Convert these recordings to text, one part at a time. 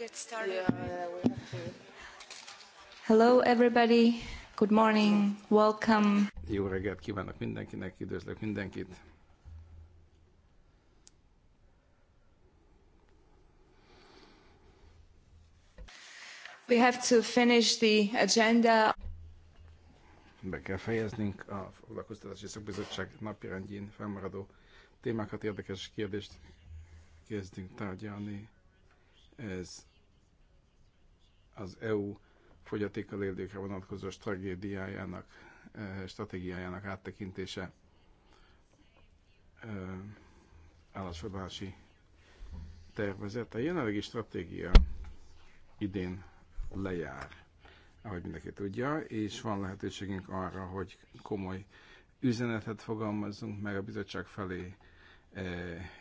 get started. Yeah, yeah, Hello everybody. Good morning. Welcome. Jó reggelt kívánok mindenkinek, üdvözlök mindenkit. We have to finish the agenda. Be kell fejeznünk a foglalkoztatási szakbizottság napirendjén felmaradó témákat, érdekes kérdést kezdünk tárgyalni. Ez az EU fogyatékkal élőkre vonatkozó stratégiájának, eh, stratégiájának áttekintése eh, állásfoglalási tervezet. A jelenlegi stratégia idén lejár, ahogy mindenki tudja, és van lehetőségünk arra, hogy komoly üzenetet fogalmazzunk meg a bizottság felé,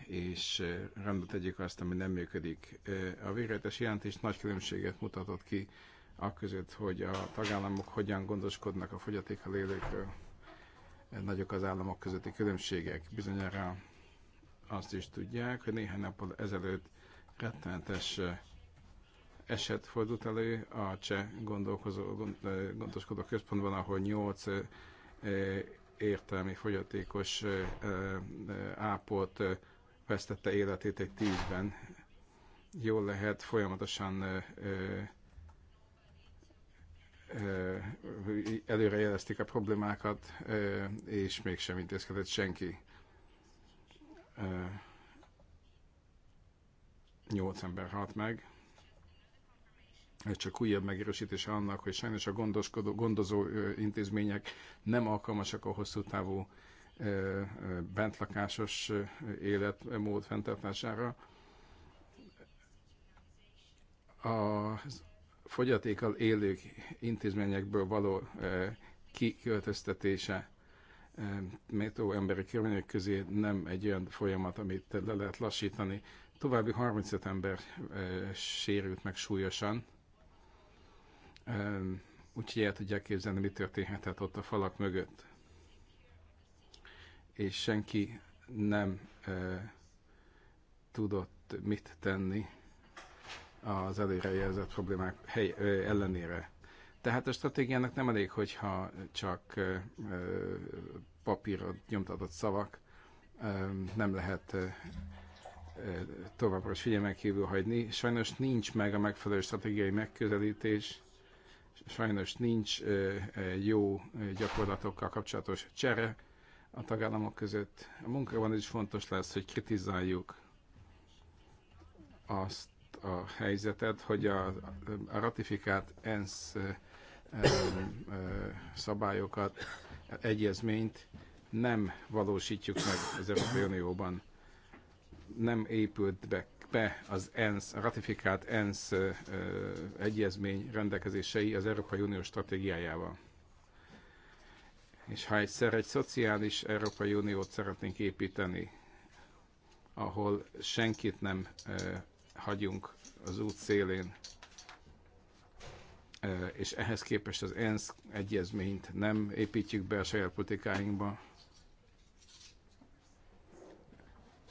és rendbe tegyük azt, ami nem működik. A végletes jelentés nagy különbséget mutatott ki a között, hogy a tagállamok hogyan gondoskodnak a fogyatékkal élőkről. Nagyok az államok közötti különbségek. Bizonyára azt is tudják, hogy néhány nappal ezelőtt rettenetes eset fordult elő a cseh gondolkozó, gondoskodó központban, ahol nyolc értelmi fogyatékos ápolt vesztette életét egy tízben. Jól lehet, folyamatosan előrejelezték a problémákat, és mégsem intézkedett senki. Nyolc ember halt meg csak újabb megerősítése annak, hogy sajnos a gondoskodó, gondozó intézmények nem alkalmasak a hosszú távú bentlakásos életmód fenntartására. A fogyatékkal élők intézményekből való kiköltöztetése méltó emberi körülmények közé nem egy olyan folyamat, amit le lehet lassítani. További 35 ember sérült meg súlyosan, Úgyhogy el tudják képzelni, mi történhetett ott a falak mögött. És senki nem tudott mit tenni az előrejelzett problémák hely, ö, ellenére. Tehát a stratégiának nem elég, hogyha csak ö, papíron nyomtatott szavak, ö, nem lehet ö, továbbra is figyelmen kívül hagyni. Sajnos nincs meg a megfelelő stratégiai megközelítés, sajnos nincs jó gyakorlatokkal kapcsolatos csere a tagállamok között. A munkában is fontos lesz, hogy kritizáljuk azt a helyzetet, hogy a, a ratifikált ENSZ szabályokat, egyezményt nem valósítjuk meg az Európai Unióban. Nem épült be be az ENSZ, a ratifikált ENSZ egyezmény rendelkezései az Európai Unió stratégiájával. És ha egyszer egy szociális Európai Uniót szeretnénk építeni, ahol senkit nem hagyunk az út szélén, és ehhez képest az ENSZ egyezményt nem építjük be a saját politikáinkba,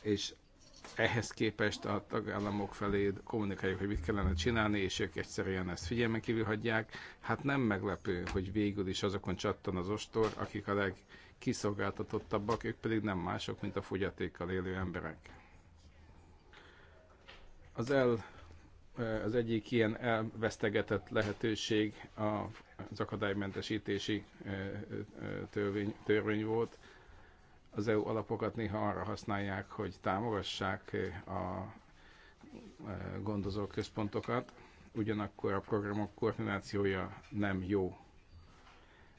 és ehhez képest a tagállamok felé kommunikáljuk, hogy mit kellene csinálni, és ők egyszerűen ezt figyelmen kívül hagyják. Hát nem meglepő, hogy végül is azokon csattan az ostor, akik a legkiszolgáltatottabbak, ők pedig nem mások, mint a fogyatékkal élő emberek. Az el az egyik ilyen elvesztegetett lehetőség az akadálymentesítési törvény, törvény volt, az EU alapokat néha arra használják, hogy támogassák eh, a eh, gondozó központokat, ugyanakkor a programok koordinációja nem jó.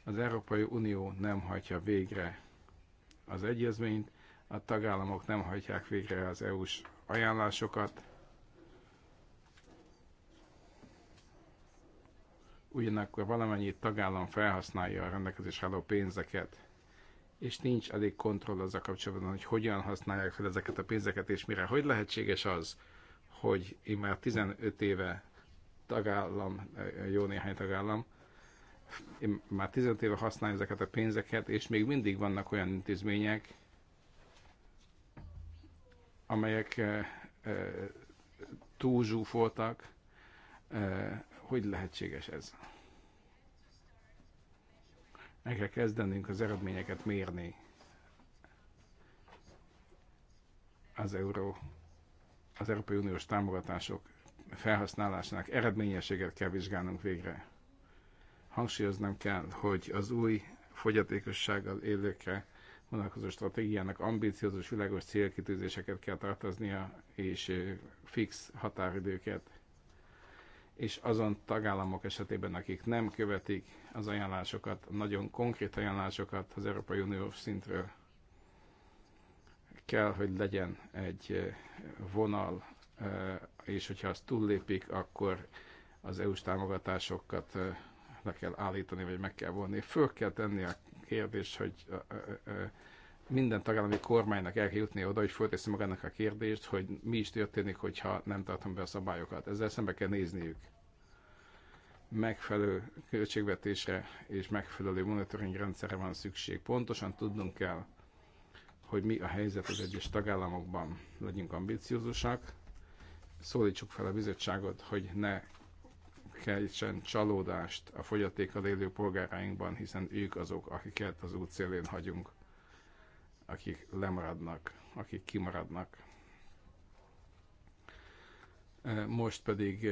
Az Európai Unió nem hagyja végre az egyezményt, a tagállamok nem hagyják végre az EU-s ajánlásokat, ugyanakkor valamennyi tagállam felhasználja a rendelkezésre álló pénzeket és nincs elég kontroll a kapcsolatban, hogy hogyan használják fel ezeket a pénzeket, és mire. Hogy lehetséges az, hogy én már 15 éve tagállam, eh, jó néhány tagállam, én már 15 éve használom ezeket a pénzeket, és még mindig vannak olyan intézmények, amelyek e, e, túlzsúfoltak. E, hogy lehetséges ez? el kell kezdenünk az eredményeket mérni az euró, az Európai Uniós támogatások felhasználásának eredményességet kell vizsgálnunk végre. Hangsúlyoznom kell, hogy az új fogyatékossággal élőkre vonatkozó stratégiának ambíciózus, világos célkitűzéseket kell tartoznia, és fix határidőket és azon tagállamok esetében, akik nem követik az ajánlásokat, nagyon konkrét ajánlásokat az Európai Unió szintről kell, hogy legyen egy vonal, és hogyha azt túllépik, akkor az EU-s támogatásokat le kell állítani, vagy meg kell vonni. Föl kell tenni a kérdést, hogy minden tagállami kormánynak el kell jutni oda, hogy fölteszi magának a kérdést, hogy mi is történik, hogyha nem tartom be a szabályokat. Ezzel szembe kell nézniük. Megfelelő költségvetésre és megfelelő monitoring rendszerre van szükség. Pontosan tudnunk kell, hogy mi a helyzet az egyes tagállamokban. Legyünk ambiciózusak, szólítsuk fel a bizottságot, hogy ne keltsen csalódást a fogyatékkal élő polgárainkban, hiszen ők azok, akiket az út szélén hagyunk akik lemaradnak, akik kimaradnak. Most pedig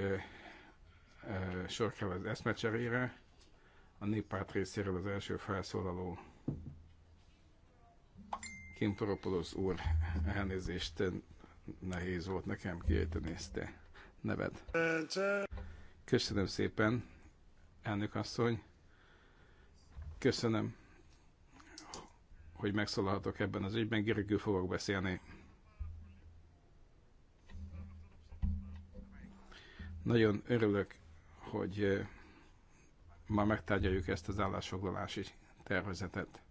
sor kell az eszmecserére. A néppárt részéről az első felszólaló Kim Toropolos úr, elnézést, nehéz volt nekem kiejteni ezt a neved. Köszönöm szépen, elnök asszony. Köszönöm hogy megszólalhatok ebben az ügyben, Gergő fogok beszélni. Nagyon örülök, hogy eh, ma megtárgyaljuk ezt az állásfoglalási tervezetet.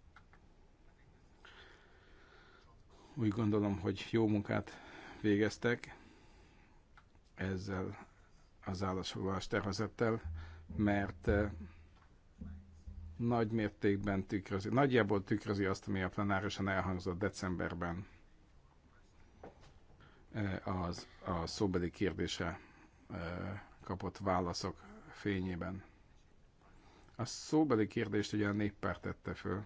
Úgy gondolom, hogy jó munkát végeztek ezzel az állásfoglalás tervezettel, mert eh, nagy mértékben tükrözi, nagyjából tükrözi azt, ami a plenárisan elhangzott decemberben e, az, a szóbeli kérdése e, kapott válaszok fényében. A szóbeli kérdést ugye a néppárt tette föl.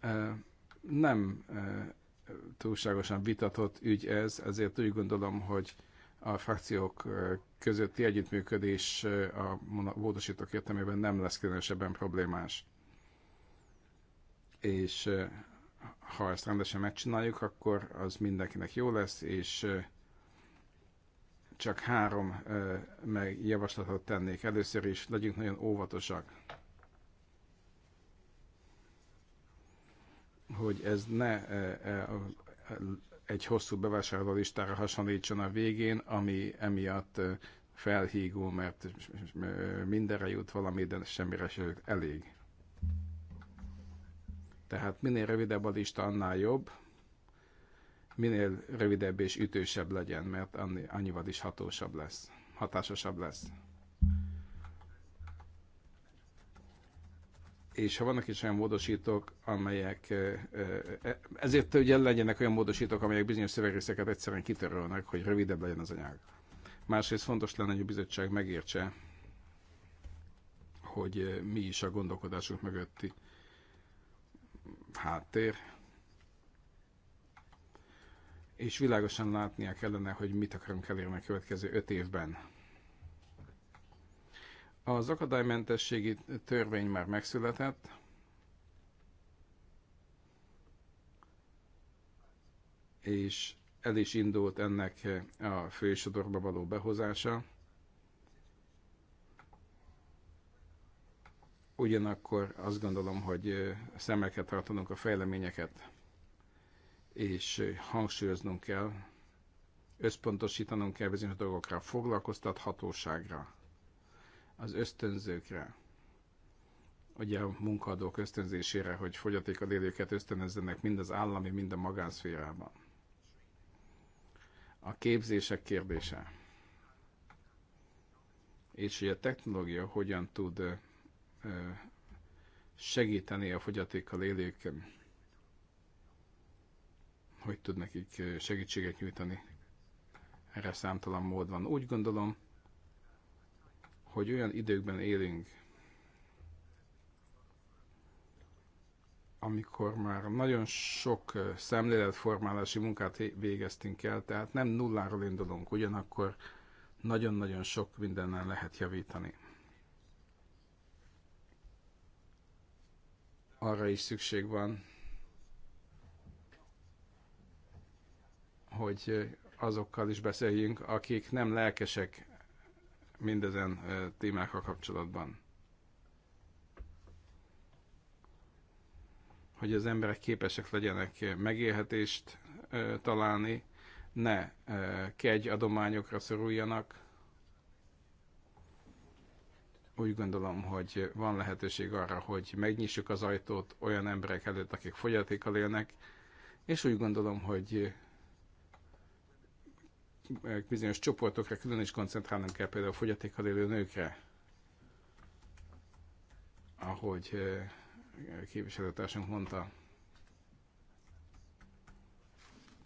E, nem túlságosan vitatott ügy ez, ezért úgy gondolom, hogy a frakciók közötti együttműködés a módosítók értelmében nem lesz különösebben problémás. És ha ezt rendesen megcsináljuk, akkor az mindenkinek jó lesz, és csak három javaslatot tennék. Először is legyünk nagyon óvatosak, hogy ez ne egy hosszú bevásárló listára hasonlítson a végén, ami emiatt felhígó, mert mindenre jut valami, de semmire sem elég. Tehát minél rövidebb a lista, annál jobb, minél rövidebb és ütősebb legyen, mert annyival is hatósabb lesz, hatásosabb lesz. és ha vannak is olyan módosítók, amelyek, ezért ugye legyenek olyan módosítók, amelyek bizonyos szövegrészeket egyszerűen kitörölnek, hogy rövidebb legyen az anyag. Másrészt fontos lenne, hogy a bizottság megértse, hogy mi is a gondolkodásunk mögötti háttér, és világosan látnia kellene, hogy mit akarunk elérni a következő öt évben az akadálymentességi törvény már megszületett, és el is indult ennek a fősodorba való behozása. Ugyanakkor azt gondolom, hogy szemeket tartanunk a fejleményeket, és hangsúlyoznunk kell, összpontosítanunk kell bizonyos dolgokra, foglalkoztathatóságra, az ösztönzőkre, ugye a munkadók ösztönzésére, hogy fogyaték a délőket ösztönözzenek mind az állami, mind a magánszférában. A képzések kérdése. És hogy a technológia hogyan tud segíteni a fogyatékkal élőken, hogy tud nekik segítséget nyújtani. Erre számtalan mód van. Úgy gondolom, hogy olyan időkben élünk, amikor már nagyon sok szemléletformálási munkát végeztünk el, tehát nem nulláról indulunk, ugyanakkor nagyon-nagyon sok mindennel lehet javítani. Arra is szükség van, hogy azokkal is beszéljünk, akik nem lelkesek mindezen témákkal kapcsolatban. Hogy az emberek képesek legyenek megélhetést találni, ne kegy adományokra szoruljanak. Úgy gondolom, hogy van lehetőség arra, hogy megnyissuk az ajtót olyan emberek előtt, akik fogyatékkal élnek, és úgy gondolom, hogy bizonyos csoportokra külön is koncentrálnunk kell, például a fogyatékkal élő nőkre, ahogy képviselőtársunk mondta.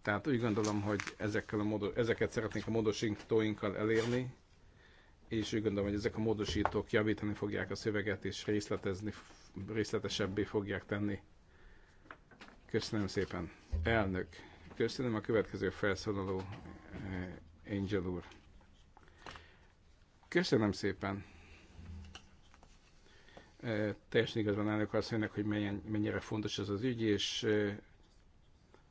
Tehát úgy gondolom, hogy ezekkel a módos, ezeket szeretnénk a módosítóinkkal elérni, és úgy gondolom, hogy ezek a módosítók javítani fogják a szöveget, és részletezni, részletesebbé fogják tenni. Köszönöm szépen. Elnök, köszönöm a következő felszólaló Eh, Angel úr. Köszönöm szépen. Eh, teljesen igazban elnök asszonynak, hogy mennyire, mennyire fontos ez az ügy, és eh,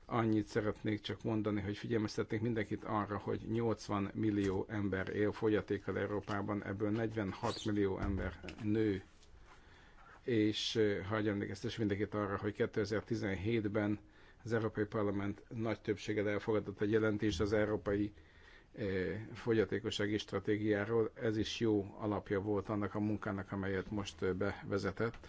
annyit szeretnék csak mondani, hogy figyelmeztetnék mindenkit arra, hogy 80 millió ember él fogyatékkal Európában, ebből 46 millió ember nő. És hagyj emlékeztes mindenkit arra, hogy 2017-ben az Európai Parlament nagy többséged elfogadott egy jelentést az Európai eh, Fogyatékossági Stratégiáról. Ez is jó alapja volt annak a munkának, amelyet most eh, bevezetett.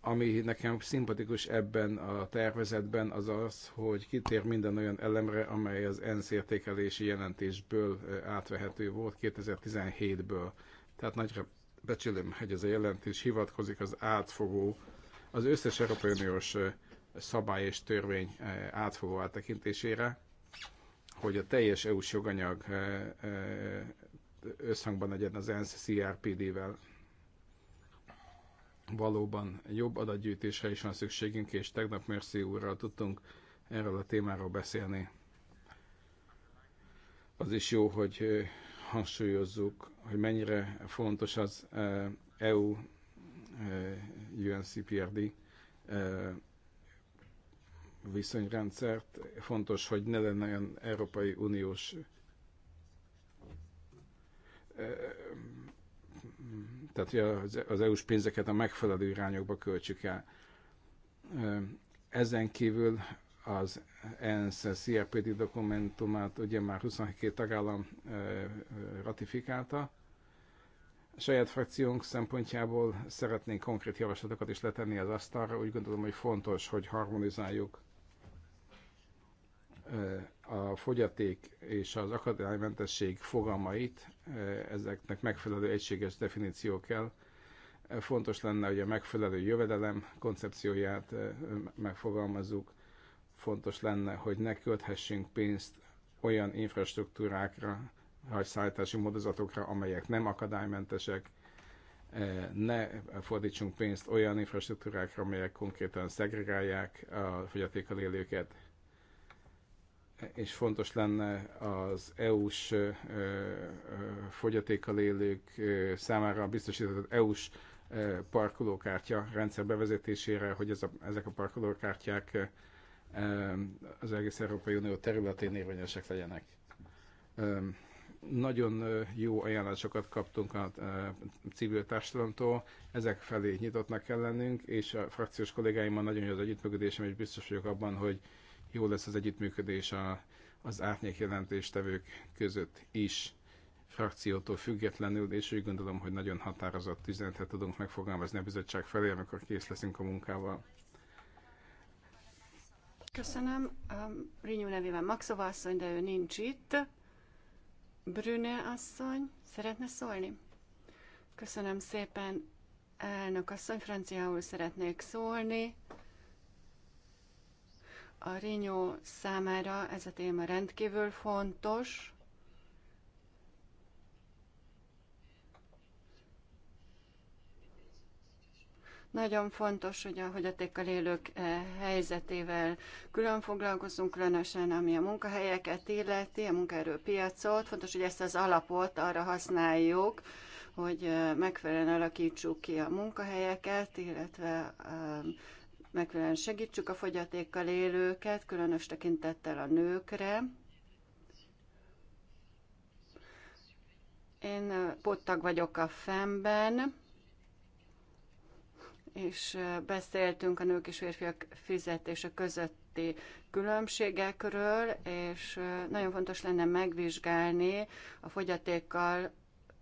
Ami nekem szimpatikus ebben a tervezetben az az, hogy kitér minden olyan elemre, amely az ENSZ értékelési jelentésből eh, átvehető volt 2017-ből. Tehát nagyra becsülöm, hogy ez a jelentés hivatkozik az átfogó, az összes Európai Uniós szabály és törvény eh, átfogó áttekintésére, hogy a teljes EU-s joganyag eh, eh, összhangban legyen az ENSZ CRPD-vel. Valóban jobb adatgyűjtésre is van szükségünk, és tegnap Merci úrral tudtunk erről a témáról beszélni. Az is jó, hogy hangsúlyozzuk, hogy mennyire fontos az EU UNCPRD viszonyrendszert. Fontos, hogy ne lenne olyan Európai Uniós tehát hogy az EU-s pénzeket a megfelelő irányokba költsük el. Ezen kívül az ENSZ CRPD dokumentumát ugye már 22 tagállam ratifikálta. A saját frakciónk szempontjából szeretnénk konkrét javaslatokat is letenni az asztalra. Úgy gondolom, hogy fontos, hogy harmonizáljuk a fogyaték és az akadálymentesség fogalmait, ezeknek megfelelő egységes definíció kell. Fontos lenne, hogy a megfelelő jövedelem koncepcióját megfogalmazzuk. Fontos lenne, hogy ne költhessünk pénzt olyan infrastruktúrákra, vagy szállítási módozatokra, amelyek nem akadálymentesek, ne fordítsunk pénzt olyan infrastruktúrákra, amelyek konkrétan szegregálják a fogyatékkal élőket, és fontos lenne az EU-s fogyatékkal élők számára biztosított EU-s parkolókártya rendszer bevezetésére, hogy ez a, ezek a parkolókártyák az egész Európai Unió területén érvényesek legyenek. Nagyon jó ajánlásokat kaptunk a civil társadalomtól, ezek felé nyitottnak kell lennünk, és a frakciós kollégáimmal nagyon jó az együttműködésem, és biztos vagyok abban, hogy jó lesz az együttműködés a, az árnyék jelentéstevők között is frakciótól függetlenül, és úgy gondolom, hogy nagyon határozott üzenetet tudunk megfogalmazni a bizottság felé, amikor kész leszünk a munkával. Köszönöm. Um, Rinyú nevében Maxova asszony, de ő nincs itt. Brüne asszony, szeretne szólni? Köszönöm szépen, elnök asszony, franciául szeretnék szólni. A Rényó számára ez a téma rendkívül fontos. Nagyon fontos, hogy a hogyatékkal élők eh, helyzetével külön foglalkozunk, különösen ami a munkahelyeket illeti, a munkaerőpiacot. Fontos, hogy ezt az alapot arra használjuk, hogy eh, megfelelően alakítsuk ki a munkahelyeket, illetve eh, megfelelően segítsük a fogyatékkal élőket, különös tekintettel a nőkre. Én pottag vagyok a fem és beszéltünk a nők és férfiak fizetése közötti különbségekről, és nagyon fontos lenne megvizsgálni a fogyatékkal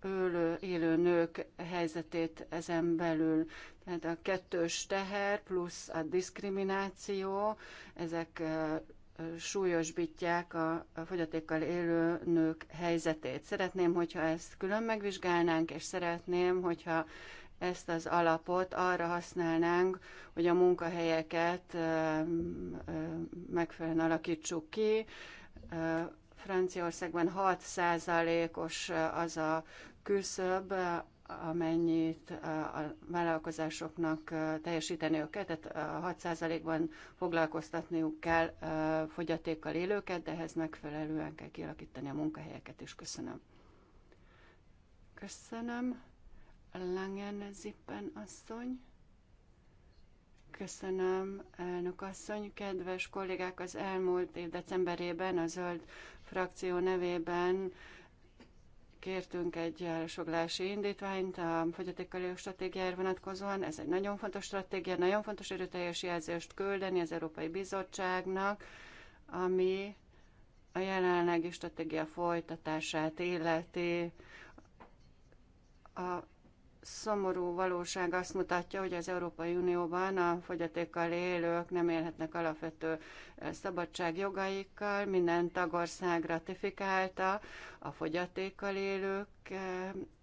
ölő, élő nők helyzetét ezen belül. Tehát a kettős teher plusz a diszkrimináció, ezek súlyosbítják a fogyatékkal élő nők helyzetét. Szeretném, hogyha ezt külön megvizsgálnánk, és szeretném, hogyha ezt az alapot arra használnánk, hogy a munkahelyeket megfelelően alakítsuk ki, Franciaországban 6%-os az a küszöb, amennyit a vállalkozásoknak teljesíteniük kell, tehát 6%-ban foglalkoztatniuk kell fogyatékkal élőket, de ehhez megfelelően kell kialakítani a munkahelyeket is. Köszönöm. Köszönöm. Langen Zippen asszony. Köszönöm, elnök asszony. Kedves kollégák, az elmúlt év decemberében a zöld frakció nevében kértünk egy elsoglási indítványt a fogyatékkal élő stratégiára vonatkozóan. Ez egy nagyon fontos stratégia, nagyon fontos erőteljes jelzést küldeni az Európai Bizottságnak, ami a jelenlegi stratégia folytatását illeti a szomorú valóság azt mutatja, hogy az Európai Unióban a fogyatékkal élők nem élhetnek alapvető szabadságjogaikkal. Minden tagország ratifikálta a fogyatékkal élők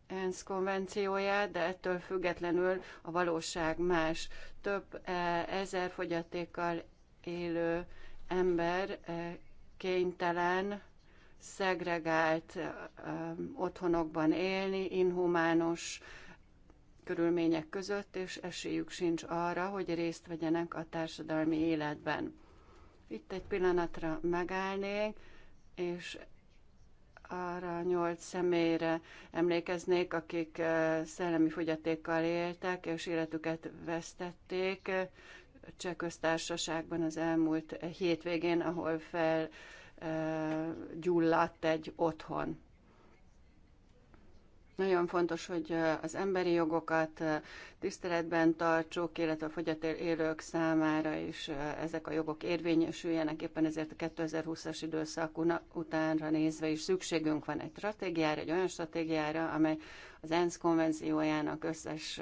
ENSZ konvencióját, de ettől függetlenül a valóság más. Több ezer fogyatékkal élő ember kénytelen szegregált otthonokban élni, inhumános körülmények között, és esélyük sincs arra, hogy részt vegyenek a társadalmi életben. Itt egy pillanatra megállnék, és arra a nyolc személyre emlékeznék, akik eh, szellemi fogyatékkal éltek, és életüket vesztették eh, Cseh köztársaságban az elmúlt eh, hétvégén, ahol felgyulladt egy otthon. Nagyon fontos, hogy az emberi jogokat tiszteletben tartsuk, illetve a fogyatér élők számára is ezek a jogok érvényesüljenek. Éppen ezért a 2020-as időszak utánra nézve is szükségünk van egy stratégiára, egy olyan stratégiára, amely az ENSZ konvenciójának összes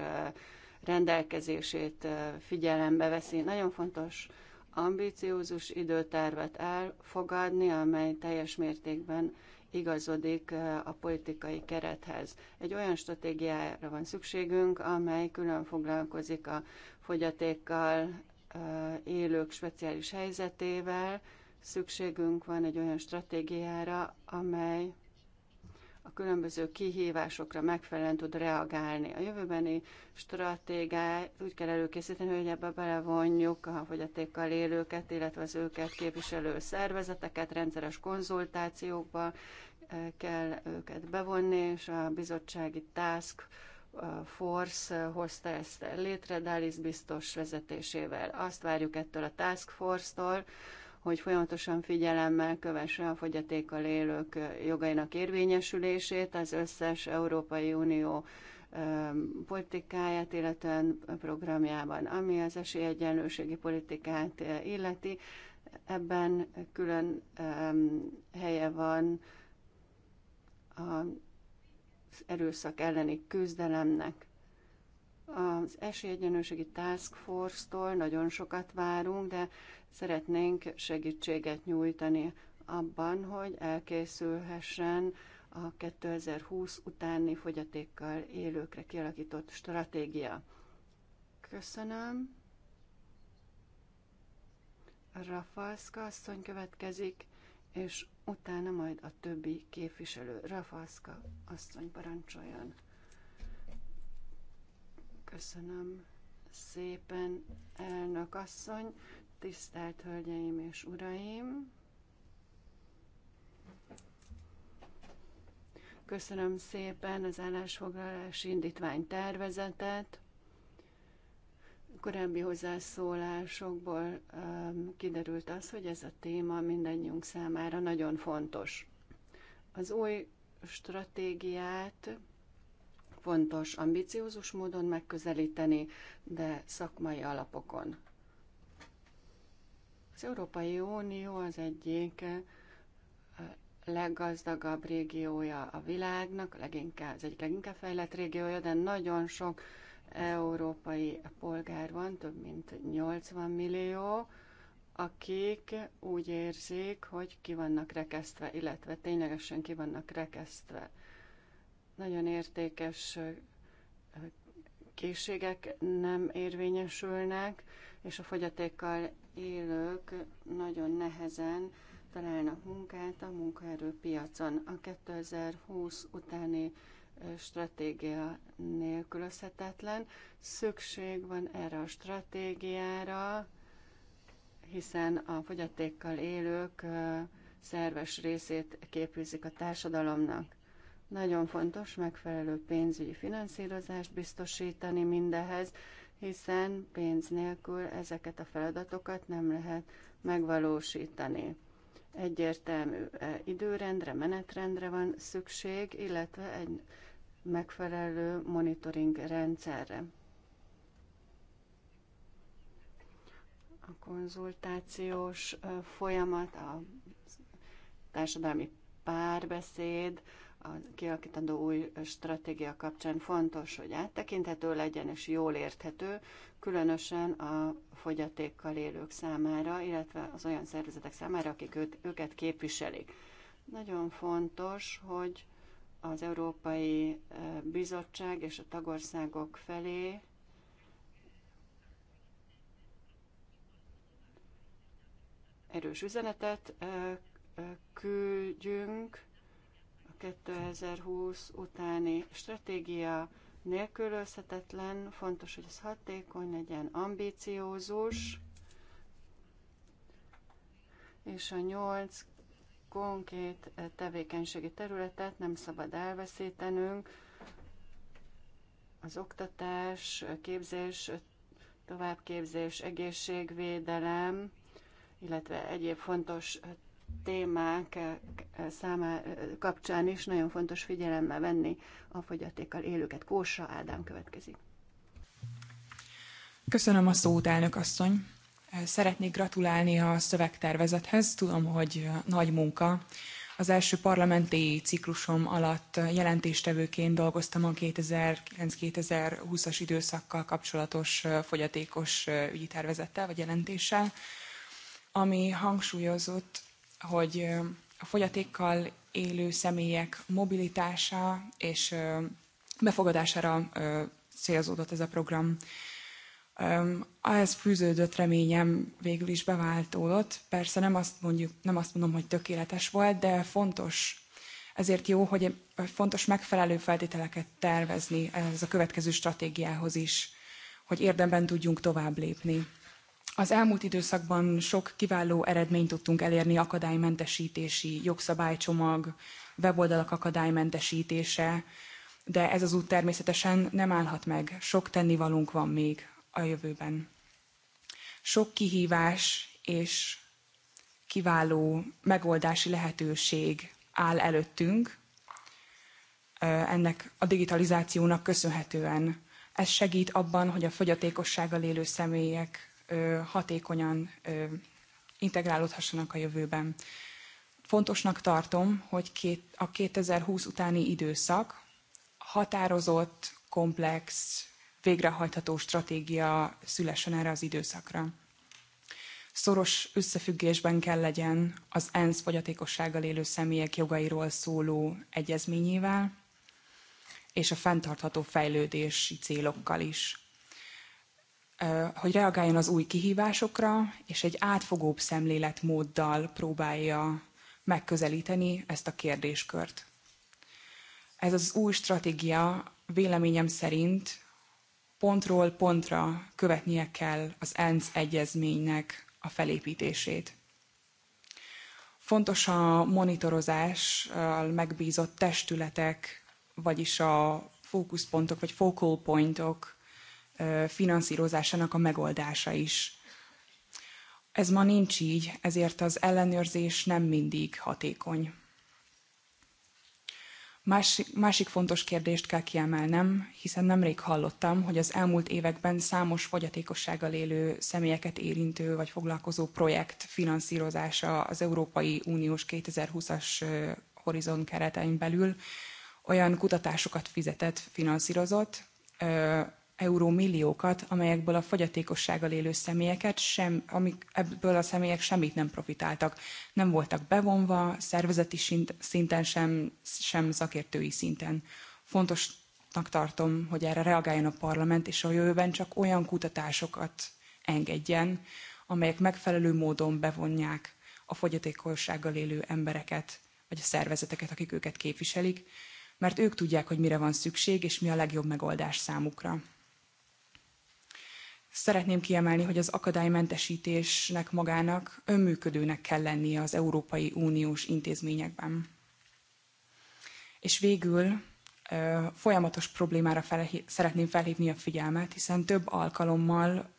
rendelkezését figyelembe veszi. Nagyon fontos ambíciózus időtervet elfogadni, amely teljes mértékben igazodik a politikai kerethez. Egy olyan stratégiára van szükségünk, amely külön foglalkozik a fogyatékkal élők speciális helyzetével. Szükségünk van egy olyan stratégiára, amely a különböző kihívásokra megfelelően tud reagálni. A jövőbeni stratégiát úgy kell előkészíteni, hogy ebbe belevonjuk a fogyatékkal élőket, illetve az őket képviselő szervezeteket, rendszeres konzultációkba eh, kell őket bevonni, és a bizottsági task eh, Force hozta ezt létre Dalis biztos vezetésével. Azt várjuk ettől a Task Force-tól, hogy folyamatosan figyelemmel kövesse a fogyatékkal élők jogainak érvényesülését, az összes Európai Unió politikáját, illetően programjában, ami az esélyegyenlőségi politikát illeti. Ebben külön helye van az erőszak elleni küzdelemnek. Az esélyegyenlőségi task force-tól nagyon sokat várunk, de Szeretnénk segítséget nyújtani abban, hogy elkészülhessen a 2020 utáni fogyatékkal élőkre kialakított stratégia. Köszönöm. Rafalszka asszony következik, és utána majd a többi képviselő. Rafalszka asszony parancsoljon. Köszönöm szépen, elnök asszony. Tisztelt Hölgyeim és Uraim! Köszönöm szépen az állásfoglalási indítvány tervezetet. Korábbi hozzászólásokból um, kiderült az, hogy ez a téma mindannyiunk számára nagyon fontos. Az új stratégiát fontos ambiciózus módon megközelíteni, de szakmai alapokon. Az Európai Unió az egyik eh, leggazdagabb régiója a világnak, leginkább, az egyik leginkább fejlett régiója, de nagyon sok európai polgár van, több mint 80 millió, akik úgy érzik, hogy ki vannak rekesztve, illetve ténylegesen ki vannak rekesztve. Nagyon értékes eh, készségek nem érvényesülnek, és a fogyatékkal élők nagyon nehezen találnak munkát a munkaerőpiacon. A 2020 utáni stratégia nélkülözhetetlen. Szükség van erre a stratégiára, hiszen a fogyatékkal élők szerves részét képvizik a társadalomnak. Nagyon fontos megfelelő pénzügyi finanszírozást biztosítani mindehez, hiszen pénz nélkül ezeket a feladatokat nem lehet megvalósítani. Egyértelmű e, időrendre, menetrendre van szükség, illetve egy megfelelő monitoring rendszerre. A konzultációs e, folyamat, a társadalmi párbeszéd, a kialakítandó új stratégia kapcsán fontos, hogy áttekinthető legyen és jól érthető, különösen a fogyatékkal élők számára, illetve az olyan szervezetek számára, akik őt, őket képviselik. Nagyon fontos, hogy az Európai Bizottság és a tagországok felé erős üzenetet küldjünk, a 2020 utáni stratégia nélkülözhetetlen, fontos, hogy ez hatékony legyen, ambíciózus, és a nyolc konkrét tevékenységi területet nem szabad elveszítenünk. Az oktatás, képzés, továbbképzés, egészségvédelem, illetve egyéb fontos témák eh, száma eh, kapcsán is nagyon fontos figyelemmel venni a fogyatékkal élőket. Kósa Ádám következik. Köszönöm a szót, elnök asszony. Eh, szeretnék gratulálni a szövegtervezethez. Tudom, hogy nagy munka. Az első parlamenti ciklusom alatt jelentéstevőként dolgoztam a 2009-2020-as időszakkal kapcsolatos fogyatékos ügyi tervezettel vagy jelentéssel, ami hangsúlyozott hogy a fogyatékkal élő személyek mobilitása és befogadására célzódott ez a program. Ehhez fűződött reményem végül is beváltódott. Persze nem azt, mondjuk, nem azt mondom, hogy tökéletes volt, de fontos, ezért jó, hogy fontos megfelelő feltételeket tervezni ez a következő stratégiához is, hogy érdemben tudjunk tovább lépni. Az elmúlt időszakban sok kiváló eredményt tudtunk elérni akadálymentesítési jogszabálycsomag, weboldalak akadálymentesítése, de ez az út természetesen nem állhat meg. Sok tennivalónk van még a jövőben. Sok kihívás és kiváló megoldási lehetőség áll előttünk ennek a digitalizációnak köszönhetően. Ez segít abban, hogy a fogyatékossággal élő személyek hatékonyan integrálódhassanak a jövőben. Fontosnak tartom, hogy a 2020 utáni időszak határozott, komplex, végrehajtható stratégia szülessen erre az időszakra. Szoros összefüggésben kell legyen az ENSZ fogyatékossággal élő személyek jogairól szóló egyezményével, és a fenntartható fejlődési célokkal is hogy reagáljon az új kihívásokra, és egy átfogóbb szemléletmóddal próbálja megközelíteni ezt a kérdéskört. Ez az új stratégia véleményem szerint pontról pontra követnie kell az ENSZ egyezménynek a felépítését. Fontos a monitorozással megbízott testületek, vagyis a fókuszpontok vagy focal pointok finanszírozásának a megoldása is. Ez ma nincs így, ezért az ellenőrzés nem mindig hatékony. Másik, másik fontos kérdést kell kiemelnem, hiszen nemrég hallottam, hogy az elmúlt években számos fogyatékossággal élő személyeket érintő vagy foglalkozó projekt finanszírozása az Európai Uniós 2020-as horizont keretein belül olyan kutatásokat fizetett, finanszírozott, eurómilliókat, amelyekből a fogyatékossággal élő személyeket, sem, amik, ebből a személyek semmit nem profitáltak. Nem voltak bevonva, szervezeti szinten sem, sem szakértői szinten. Fontosnak tartom, hogy erre reagáljon a parlament, és a jövőben csak olyan kutatásokat engedjen, amelyek megfelelő módon bevonják a fogyatékossággal élő embereket, vagy a szervezeteket, akik őket képviselik, mert ők tudják, hogy mire van szükség, és mi a legjobb megoldás számukra. Szeretném kiemelni, hogy az akadálymentesítésnek magának önműködőnek kell lennie az Európai Uniós intézményekben. És végül folyamatos problémára fel, szeretném felhívni a figyelmet, hiszen több alkalommal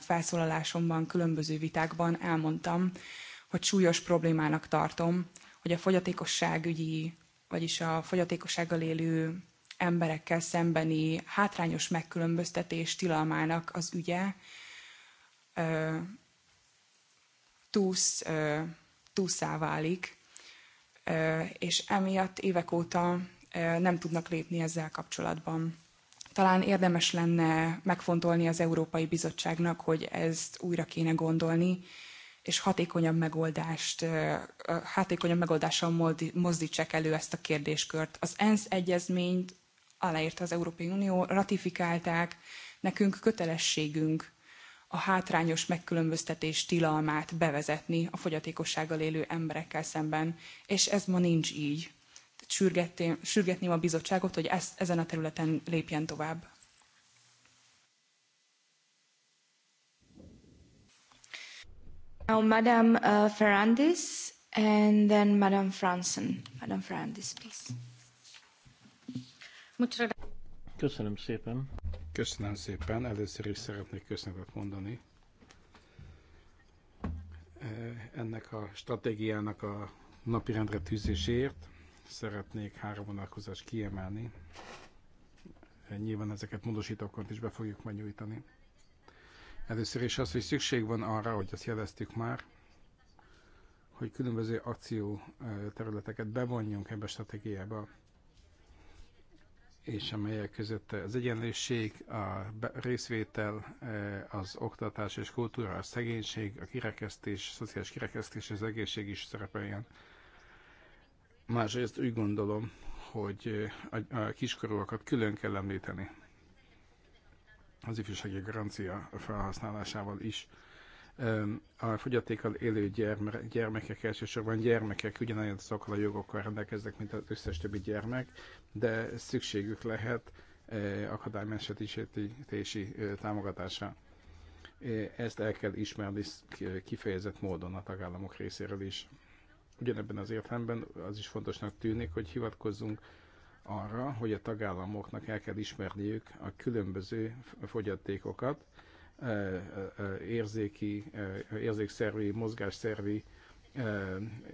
felszólalásomban, különböző vitákban elmondtam, hogy súlyos problémának tartom, hogy a fogyatékosságügyi, vagyis a fogyatékossággal élő emberekkel szembeni hátrányos megkülönböztetés tilalmának az ügye. túsz, túszá válik, és emiatt évek óta nem tudnak lépni ezzel kapcsolatban. Talán érdemes lenne megfontolni az Európai Bizottságnak, hogy ezt újra kéne gondolni, és hatékonyabb megoldást, hatékonyabb megoldással mozdítsák elő ezt a kérdéskört. Az ENSZ egyezményt aláírta az Európai Unió, ratifikálták, nekünk kötelességünk a hátrányos megkülönböztetés tilalmát bevezetni a fogyatékossággal élő emberekkel szemben, és ez ma nincs így. Sürgetném, a bizottságot, hogy ezt, ezen a területen lépjen tovább. Now, Madame uh, Ferrandis, and then Madame Franson. Madame Ferrandis, please. Köszönöm szépen. Köszönöm szépen. Először is szeretnék köszönetet mondani eh, ennek a stratégiának a napirendre tűzéséért. Szeretnék három vonalkozást kiemelni. Eh, nyilván ezeket módosítókon is be fogjuk majd nyújtani. Először is az, hogy szükség van arra, hogy azt jeleztük már, hogy különböző akció eh, területeket bevonjunk ebbe a stratégiába és amelyek között az egyenlőség, a részvétel, e, az oktatás és kultúra, a szegénység, a kirekesztés, a szociális kirekesztés, az egészség is szerepeljen. Másrészt úgy gondolom, hogy e, a kiskorúakat külön kell említeni. Az ifjúsági garancia felhasználásával is a fogyatékkal élő gyermek, gyermekek elsősorban gyermekek ugyanolyan szokkal a jogokkal rendelkeznek, mint az összes többi gyermek, de szükségük lehet akadálymentesítési támogatásra. Ezt el kell ismerni kifejezett módon a tagállamok részéről is. Ugyanebben az értelemben az is fontosnak tűnik, hogy hivatkozzunk arra, hogy a tagállamoknak el kell ismerniük a különböző fogyatékokat, érzéki, érzékszervi, mozgásszervi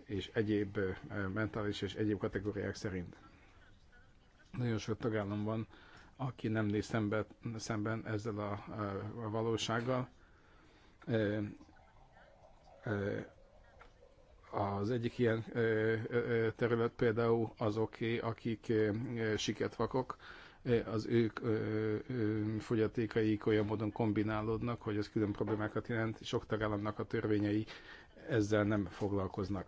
és egyéb mentális és egyéb kategóriák szerint. Nagyon sok tagállam van, aki nem néz szembe, szemben ezzel a, a valósággal. Az egyik ilyen terület például azok, akik siket vakok, az ők fogyatékaik olyan módon kombinálódnak, hogy az külön problémákat jelent, sok tagállamnak a törvényei ezzel nem foglalkoznak.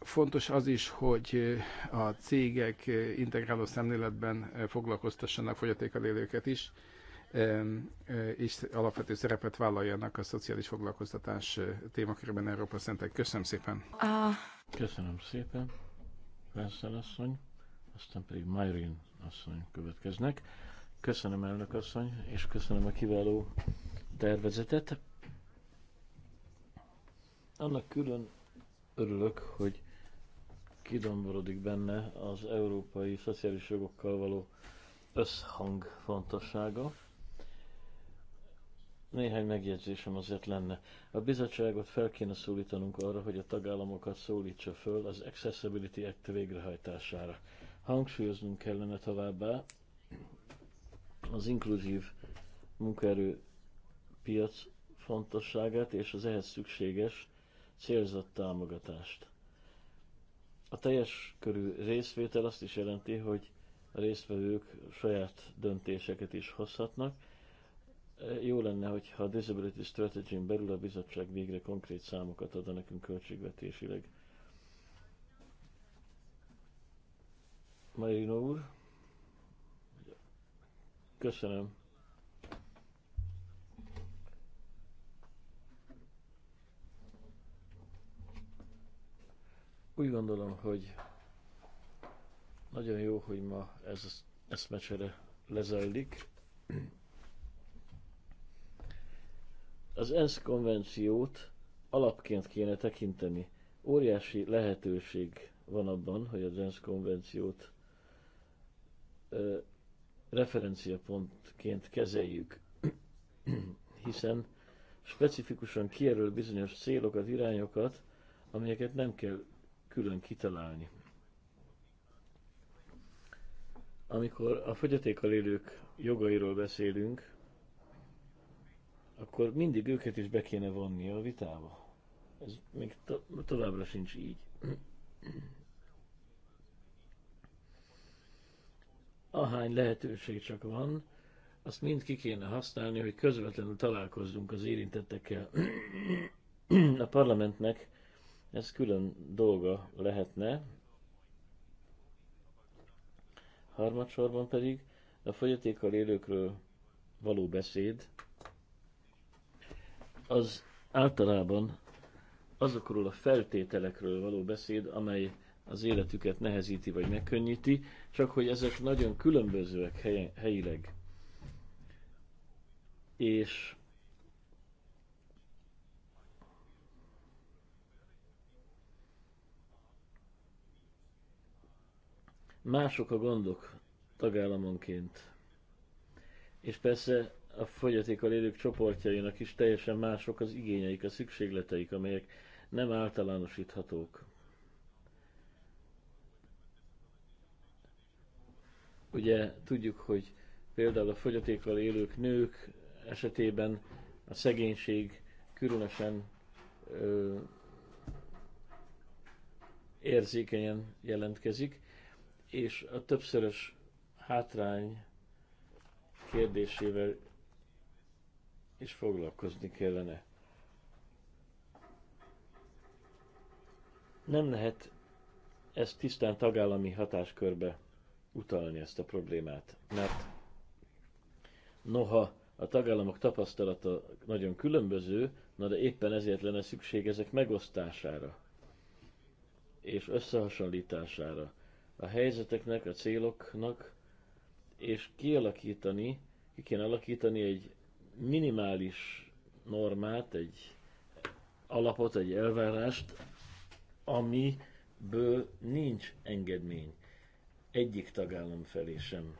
Fontos az is, hogy a cégek integráló szemléletben foglalkoztassanak fogyatékkal élőket is, és alapvető szerepet vállaljanak a szociális foglalkoztatás témakörben Európa Szentek. Köszönöm szépen! Ah. Köszönöm szépen, Köszönöm asszony! aztán pedig Myrin asszony következnek. Köszönöm elnök asszony, és köszönöm a kiváló tervezetet. Annak külön örülök, hogy kidomborodik benne az európai szociális jogokkal való összhang fontossága. Néhány megjegyzésem azért lenne. A bizottságot fel kéne szólítanunk arra, hogy a tagállamokat szólítsa föl az Accessibility Act végrehajtására. Hangsúlyoznunk kellene továbbá az inkluzív munkaerő piac fontosságát és az ehhez szükséges célzott támogatást. A teljes körű részvétel azt is jelenti, hogy a résztvevők saját döntéseket is hozhatnak. Jó lenne, hogyha a Disability Strategy-n belül a bizottság végre konkrét számokat adna nekünk költségvetésileg Marino úr. Köszönöm. Úgy gondolom, hogy nagyon jó, hogy ma ez az eszmecsere lezajlik. Az ENSZ konvenciót alapként kéne tekinteni. Óriási lehetőség van abban, hogy az ENSZ konvenciót referenciapontként kezeljük, hiszen specifikusan kijelöl bizonyos célokat, irányokat, amelyeket nem kell külön kitalálni. Amikor a fogyatékkal élők jogairól beszélünk, akkor mindig őket is be kéne vonni a vitába. Ez még to- továbbra sincs így. ahány lehetőség csak van, azt mind ki kéne használni, hogy közvetlenül találkozzunk az érintettekkel. A parlamentnek ez külön dolga lehetne. Harmadsorban pedig a fogyatékkal élőkről való beszéd az általában azokról a feltételekről való beszéd, amely az életüket nehezíti vagy megkönnyíti, csak hogy ezek nagyon különbözőek helyileg. És mások a gondok tagállamonként. És persze a fogyatékkal élők csoportjainak is teljesen mások az igényeik, a szükségleteik, amelyek nem általánosíthatók. Ugye tudjuk, hogy például a fogyatékkal élők nők esetében a szegénység különösen ö, érzékenyen jelentkezik, és a többszörös hátrány kérdésével is foglalkozni kellene. Nem lehet ezt tisztán tagállami hatáskörbe utalni ezt a problémát, mert noha a tagállamok tapasztalata nagyon különböző, na de éppen ezért lenne szükség ezek megosztására és összehasonlítására, a helyzeteknek, a céloknak, és kialakítani, ki kéne alakítani egy minimális normát, egy alapot, egy elvárást, amiből nincs engedmény egyik tagállam felé sem.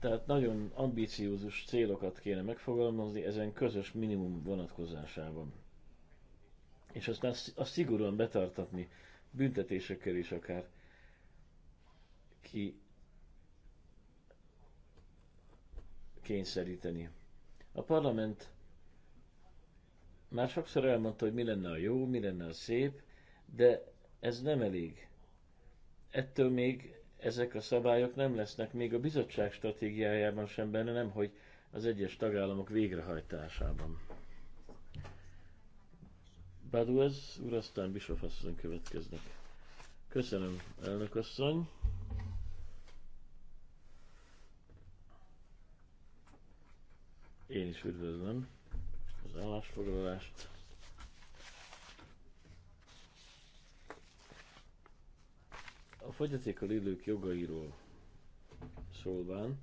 Tehát nagyon ambiciózus célokat kéne megfogalmazni ezen közös minimum vonatkozásában. És aztán azt szigorúan betartatni, büntetésekkel is akár ki kényszeríteni. A parlament már sokszor elmondta, hogy mi lenne a jó, mi lenne a szép, de ez nem elég. Ettől még ezek a szabályok nem lesznek még a bizottság stratégiájában sem benne, nem hogy az egyes tagállamok végrehajtásában. Badu ez, úr, aztán Bischoff asszony következnek. Köszönöm, elnök asszony. Én is üdvözlöm az állásfoglalást. A fogyatékkal élők jogairól szólván,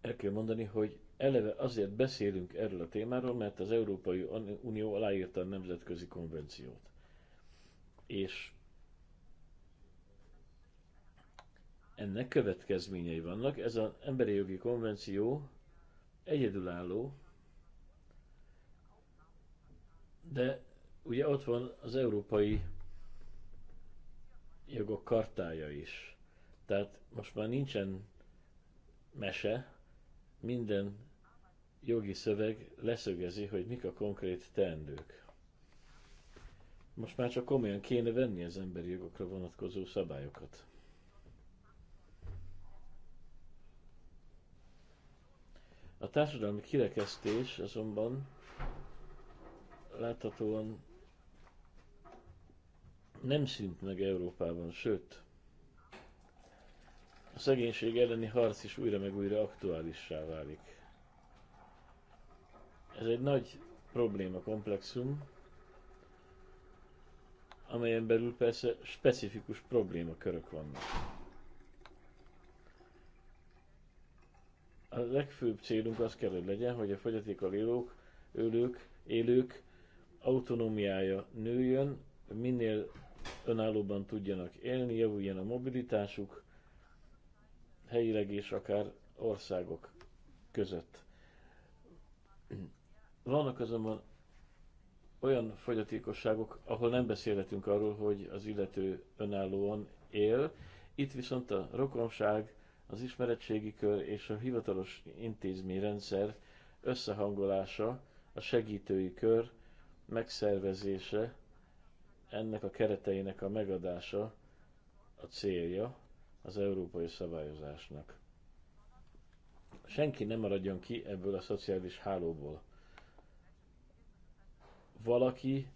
el kell mondani, hogy eleve azért beszélünk erről a témáról, mert az Európai Unió aláírta a nemzetközi konvenciót. És ennek következményei vannak. Ez az emberi jogi konvenció egyedülálló de ugye ott van az európai jogok kartája is. Tehát most már nincsen mese, minden jogi szöveg leszögezi, hogy mik a konkrét teendők. Most már csak komolyan kéne venni az emberi jogokra vonatkozó szabályokat. A társadalmi kirekesztés azonban láthatóan nem szűnt meg Európában, sőt, a szegénység elleni harc is újra meg újra aktuálissá válik. Ez egy nagy probléma komplexum, amelyen belül persze specifikus problémakörök vannak. A legfőbb célunk az kell, hogy legyen, hogy a fogyatékkal élők, ölők, élők autonómiája nőjön, minél önállóban tudjanak élni, javuljon a mobilitásuk, helyileg és akár országok között. Vannak azonban olyan fogyatékosságok, ahol nem beszélhetünk arról, hogy az illető önállóan él. Itt viszont a rokonság, az ismeretségi kör és a hivatalos intézményrendszer összehangolása, a segítői kör megszervezése, ennek a kereteinek a megadása a célja az európai szabályozásnak. Senki nem maradjon ki ebből a szociális hálóból. Valaki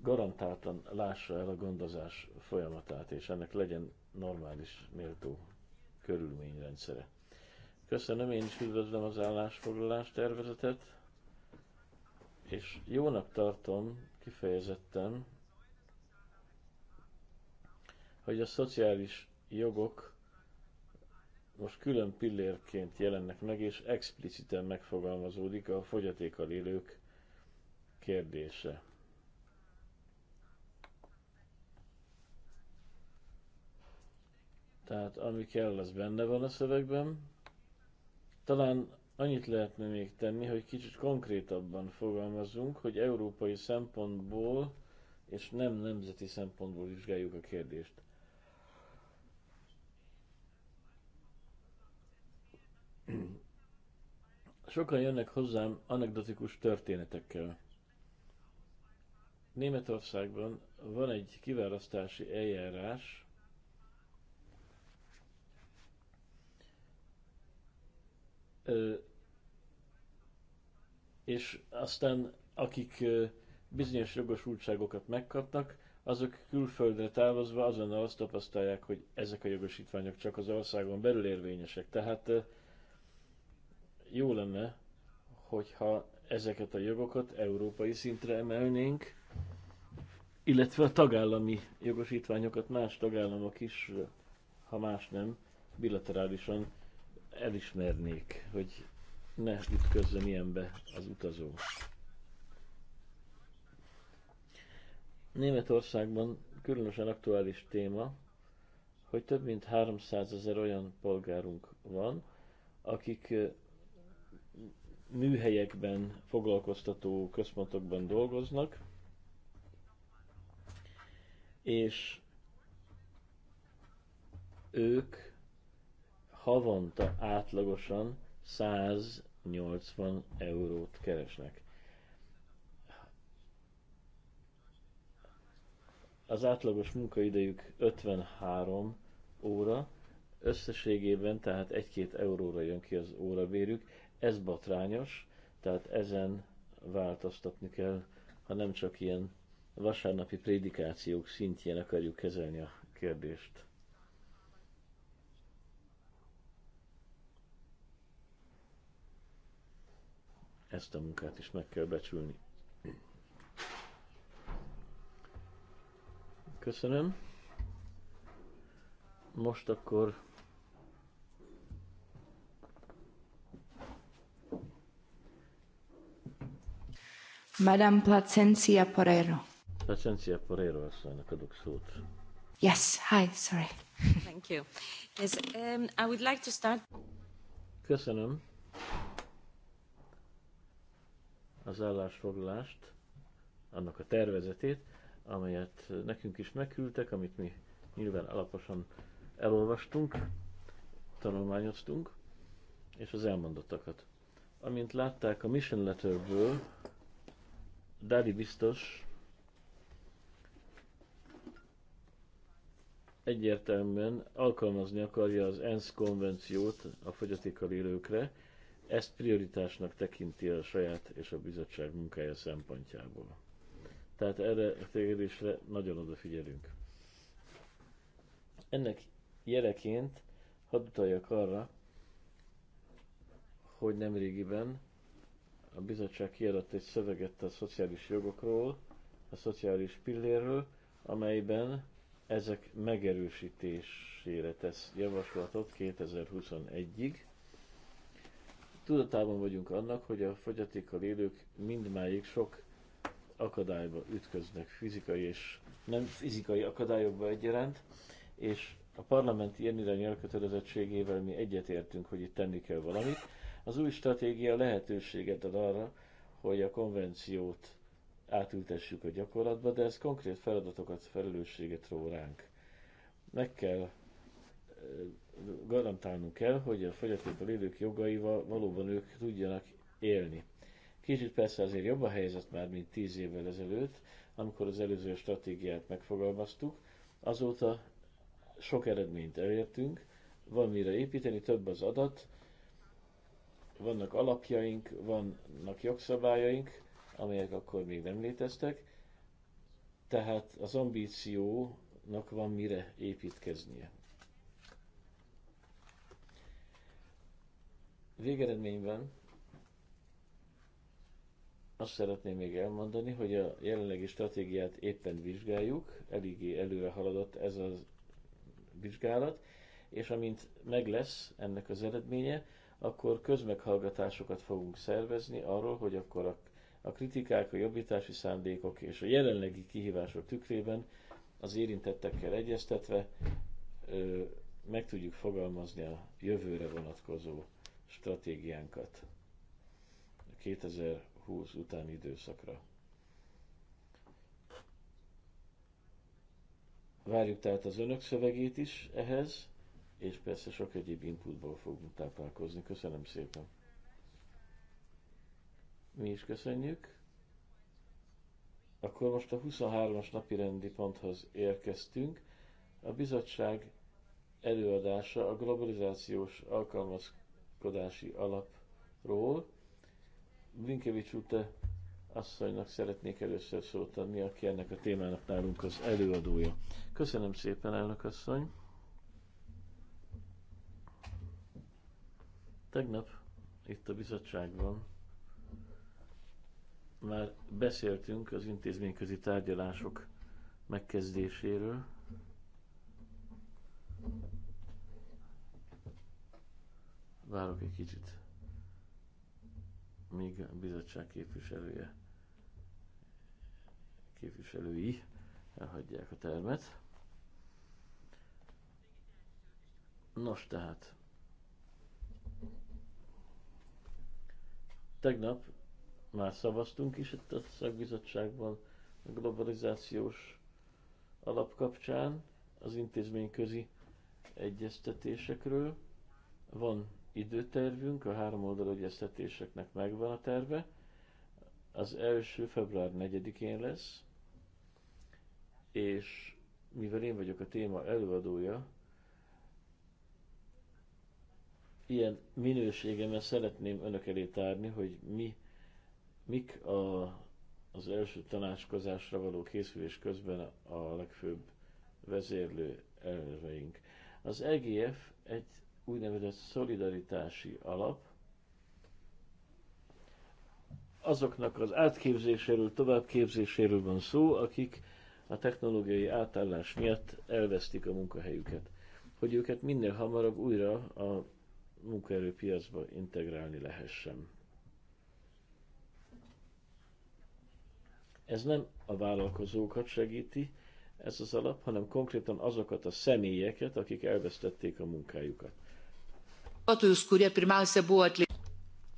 garantáltan lássa el a gondozás folyamatát, és ennek legyen normális, méltó körülményrendszere. Köszönöm, én is üdvözlöm az állásfoglalás tervezetet és jónak tartom kifejezetten, hogy a szociális jogok most külön pillérként jelennek meg, és expliciten megfogalmazódik a fogyatékkal élők kérdése. Tehát ami kell, az benne van a szövegben. Talán Annyit lehetne még tenni, hogy kicsit konkrétabban fogalmazzunk, hogy európai szempontból és nem nemzeti szempontból vizsgáljuk a kérdést. Sokan jönnek hozzám anekdotikus történetekkel. Németországban van egy kiválasztási eljárás, és aztán akik bizonyos jogosultságokat megkapnak, azok külföldre távozva azonnal azt tapasztalják, hogy ezek a jogosítványok csak az országon belül érvényesek. Tehát jó lenne, hogyha ezeket a jogokat európai szintre emelnénk, illetve a tagállami jogosítványokat más tagállamok is, ha más nem, bilaterálisan elismernék, hogy ne ütközzön ilyenbe az utazó. Németországban különösen aktuális téma, hogy több mint 300 ezer olyan polgárunk van, akik műhelyekben, foglalkoztató központokban dolgoznak, és ők havonta átlagosan 180 eurót keresnek. Az átlagos munkaidejük 53 óra, összességében tehát 1-2 euróra jön ki az órabérük. Ez batrányos, tehát ezen változtatni kell, ha nem csak ilyen vasárnapi prédikációk szintjén akarjuk kezelni a kérdést. ezt a munkát is meg kell becsülni. Köszönöm. Most akkor Madame Placencia Porero. Placencia Porero asszonynak adok szót. Yes, hi, sorry. Thank you. Yes, um, I would like to start... Köszönöm. az állásfoglalást, annak a tervezetét, amelyet nekünk is megküldtek, amit mi nyilván alaposan elolvastunk, tanulmányoztunk, és az elmondottakat. Amint látták a Mission Letterből, Dári biztos egyértelműen alkalmazni akarja az ENSZ konvenciót a fogyatékkal élőkre, ezt prioritásnak tekinti a saját és a bizottság munkája szempontjából. Tehát erre a kérdésre nagyon odafigyelünk. Ennek jeleként hadd utaljak arra, hogy nemrégiben a bizottság kiadott egy szöveget a szociális jogokról, a szociális pillérről, amelyben ezek megerősítésére tesz javaslatot 2021-ig. Tudatában vagyunk annak, hogy a fogyatékkal élők mindmáig sok akadályba ütköznek, fizikai és nem fizikai akadályokba egyaránt, és a parlament ilyen irányú elkötelezettségével mi egyetértünk, hogy itt tenni kell valamit. Az új stratégia lehetőséget ad arra, hogy a konvenciót átültessük a gyakorlatba, de ez konkrét feladatokat, felelősséget ró ránk. Meg kell garantálnunk kell, hogy a fogyatékkal élők jogaival valóban ők tudjanak élni. Kicsit persze azért jobb a helyzet már, mint tíz évvel ezelőtt, amikor az előző stratégiát megfogalmaztuk. Azóta sok eredményt elértünk, van mire építeni, több az adat, vannak alapjaink, vannak jogszabályaink, amelyek akkor még nem léteztek, tehát az ambíciónak van mire építkeznie. Végeredményben azt szeretném még elmondani, hogy a jelenlegi stratégiát éppen vizsgáljuk, eléggé előre haladott ez a vizsgálat, és amint meg lesz ennek az eredménye, akkor közmeghallgatásokat fogunk szervezni arról, hogy akkor a, a kritikák, a jobbítási szándékok és a jelenlegi kihívások tükrében az érintettekkel egyeztetve ö, meg tudjuk fogalmazni a jövőre vonatkozó stratégiánkat a 2020 utáni időszakra. Várjuk tehát az önök szövegét is ehhez, és persze sok egyéb inputból fogunk táplálkozni. Köszönöm szépen. Mi is köszönjük. Akkor most a 23-as napi rendi ponthoz érkeztünk. A bizottság előadása a globalizációs alkalmazkodás gondolkodási alapról. Vinkevics úte asszonynak szeretnék először szót adni, aki ennek a témának nálunk az előadója. Köszönöm szépen, elnök asszony! Tegnap itt a bizottságban már beszéltünk az intézményközi tárgyalások megkezdéséről, Várok egy kicsit, még a bizottság képviselője, képviselői elhagyják a termet. Nos tehát, tegnap már szavaztunk is itt a szakbizottságban a globalizációs alap kapcsán az intézményközi egyeztetésekről. Van időtervünk, a három oldal egyeztetéseknek megvan a terve. Az első február 4-én lesz, és mivel én vagyok a téma előadója, ilyen minőségemmel szeretném önök elé tárni, hogy mi, mik a, az első tanácskozásra való készülés közben a legfőbb vezérlő elveink. Az EGF egy úgynevezett szolidaritási alap, azoknak az átképzéséről, továbbképzéséről van szó, akik a technológiai átállás miatt elvesztik a munkahelyüket. Hogy őket minél hamarabb újra a munkaerőpiacba integrálni lehessen. Ez nem a vállalkozókat segíti, ez az alap, hanem konkrétan azokat a személyeket, akik elvesztették a munkájukat.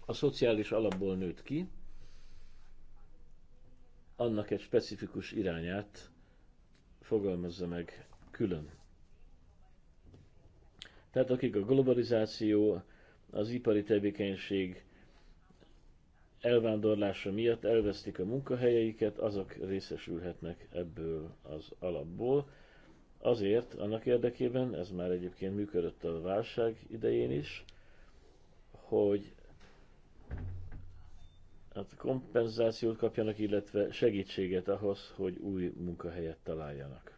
A szociális alapból nőtt ki, annak egy specifikus irányát fogalmazza meg külön. Tehát akik a globalizáció, az ipari tevékenység elvándorlása miatt elvesztik a munkahelyeiket, azok részesülhetnek ebből az alapból azért, annak érdekében, ez már egyébként működött a válság idején is, hogy hát kompenzációt kapjanak, illetve segítséget ahhoz, hogy új munkahelyet találjanak.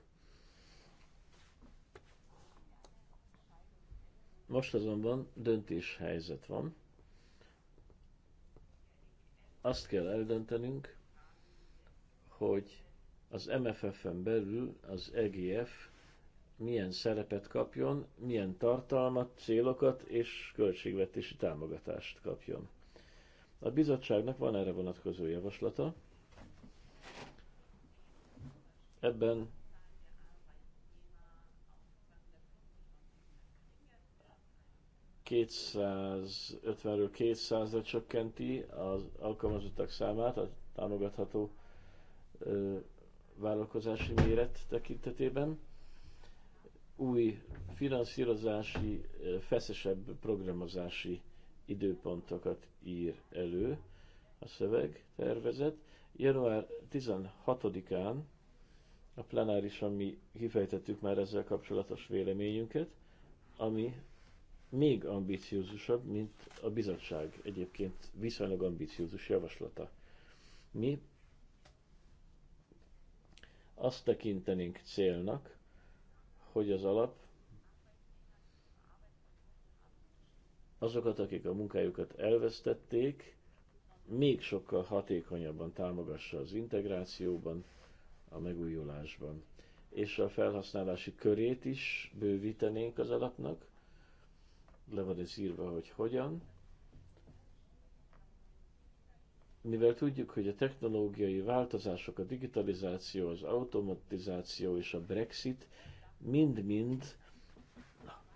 Most azonban döntéshelyzet van. Azt kell eldöntenünk, hogy az MFF-en belül az EGF milyen szerepet kapjon, milyen tartalmat, célokat és költségvetési támogatást kapjon. A bizottságnak van erre vonatkozó javaslata. Ebben ről 200-ra csökkenti az alkalmazottak számát, a támogatható vállalkozási méret tekintetében. Új finanszírozási, eh, feszesebb programozási időpontokat ír elő a szöveg tervezet. Január 16-án a plenárison mi kifejtettük már ezzel kapcsolatos véleményünket, ami még ambiciózusabb, mint a bizottság egyébként viszonylag ambiciózus javaslata. Mi azt tekintenénk célnak, hogy az alap azokat, akik a munkájukat elvesztették, még sokkal hatékonyabban támogassa az integrációban, a megújulásban. És a felhasználási körét is bővítenénk az alapnak, le van ez írva, hogy hogyan, mivel tudjuk, hogy a technológiai változások, a digitalizáció, az automatizáció és a Brexit mind-mind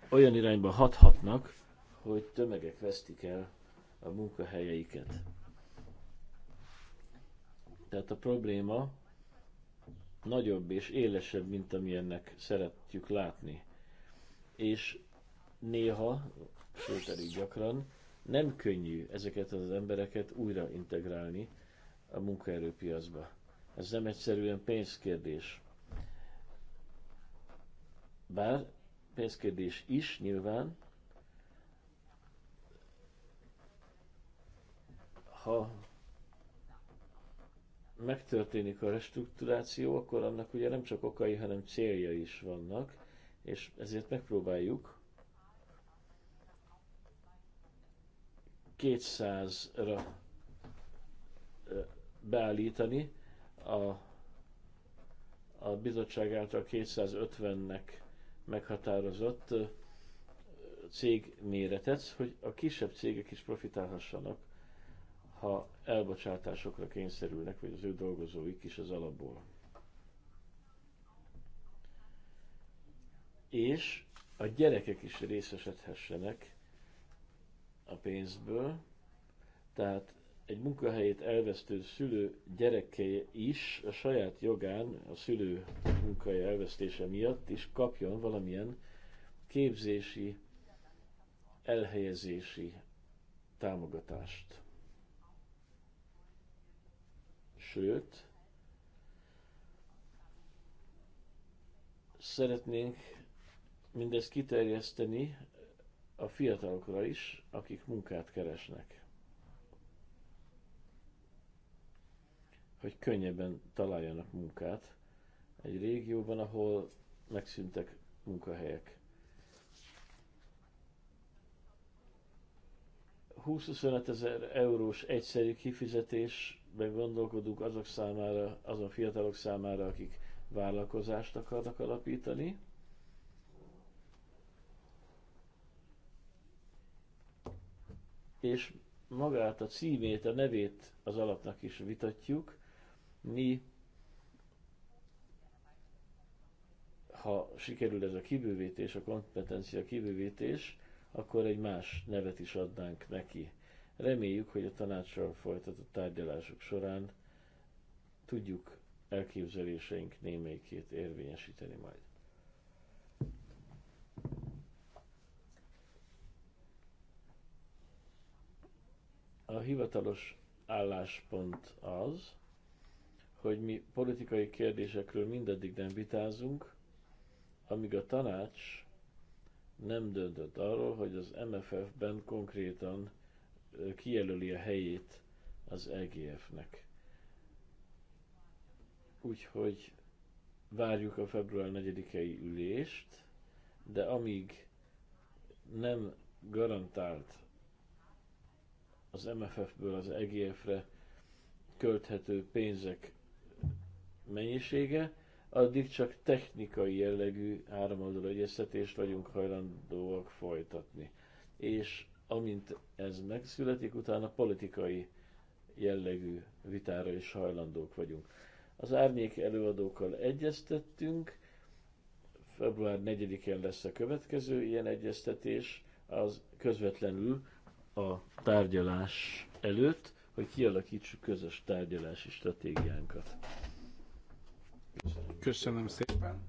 olyan irányba hathatnak, hogy tömegek vesztik el a munkahelyeiket. Tehát a probléma nagyobb és élesebb, mint amilyennek szeretjük látni. És néha, sőt elég gyakran, nem könnyű ezeket az embereket újra integrálni a munkaerőpiacba. Ez nem egyszerűen pénzkérdés. Bár pénzkérdés is nyilván, ha megtörténik a restrukturáció, akkor annak ugye nem csak okai, hanem célja is vannak, és ezért megpróbáljuk 200-ra beállítani a, a bizottság által 250-nek meghatározott cég méretet, hogy a kisebb cégek is profitálhassanak, ha elbocsátásokra kényszerülnek, vagy az ő dolgozóik is az alapból. És a gyerekek is részesedhessenek a pénzből, tehát egy munkahelyét elvesztő szülő gyereke is a saját jogán, a szülő munkai elvesztése miatt is kapjon valamilyen képzési, elhelyezési támogatást. Sőt, szeretnénk mindezt kiterjeszteni a fiatalokra is, akik munkát keresnek. Hogy könnyebben találjanak munkát egy régióban, ahol megszűntek munkahelyek. 20-25 ezer eurós egyszerű kifizetésben gondolkodunk azok számára, azon fiatalok számára, akik vállalkozást akarnak alapítani, és magát a címét, a nevét az alapnak is vitatjuk. Mi, ha sikerül ez a kibővítés, a kompetencia kibővítés, akkor egy más nevet is adnánk neki. Reméljük, hogy a tanácssal folytatott tárgyalások során tudjuk elképzeléseink némelyikét érvényesíteni majd. A hivatalos álláspont az, hogy mi politikai kérdésekről mindaddig nem vitázunk, amíg a tanács nem döntött arról, hogy az MFF-ben konkrétan kijelöli a helyét az EGF-nek. Úgyhogy várjuk a február 4-i ülést, de amíg nem garantált az MFF-ből az EGF-re költhető pénzek mennyisége, addig csak technikai jellegű áramoldalú egyeztetést vagyunk hajlandóak folytatni. És amint ez megszületik, utána politikai jellegű vitára is hajlandók vagyunk. Az árnyék előadókkal egyeztettünk, február 4-én lesz a következő ilyen egyeztetés, az közvetlenül a tárgyalás előtt, hogy kialakítsuk közös tárgyalási stratégiánkat. Köszönöm szépen.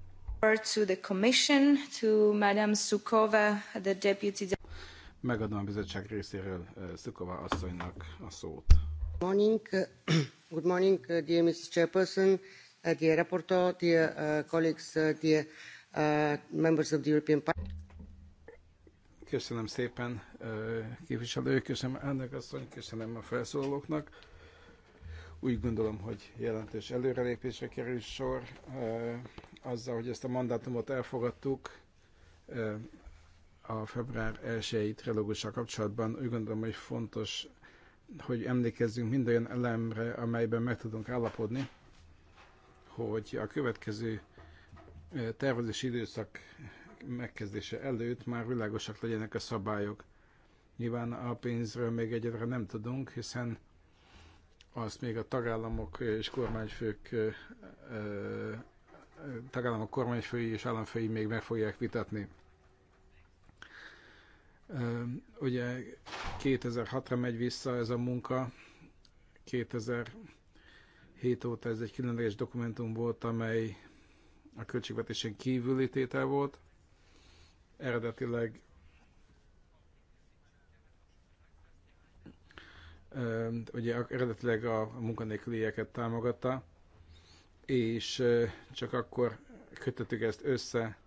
To the Commission, to Madame Sukova, the Deputy... Megadom a bizottság részéről eh, Szukova asszonynak a szót. Good morning, eh, good morning, eh, dear Mr. Chairperson, dear rapporteur, dear uh, colleagues, dear uh, members of the European Parliament. Köszönöm szépen képviselő, köszönöm elnök asszony, köszönöm a felszólalóknak. Úgy gondolom, hogy jelentős előrelépésre kerül sor. Azzal, hogy ezt a mandátumot elfogadtuk, a február 1-i trilógussal kapcsolatban úgy gondolom, hogy fontos, hogy emlékezzünk mind olyan elemre, amelyben meg tudunk állapodni, hogy a következő tervezési időszak megkezdése előtt már világosak legyenek a szabályok. Nyilván a pénzről még egyedre nem tudunk, hiszen azt még a tagállamok és kormányfők tagállamok kormányfői és államfői még meg fogják vitatni. Ugye 2006-ra megy vissza ez a munka, 2007 óta ez egy különleges dokumentum volt, amely a költségvetésen kívüli tétel volt eredetileg ugye eredetileg a munkanélkülieket támogatta, és csak akkor kötöttük ezt össze.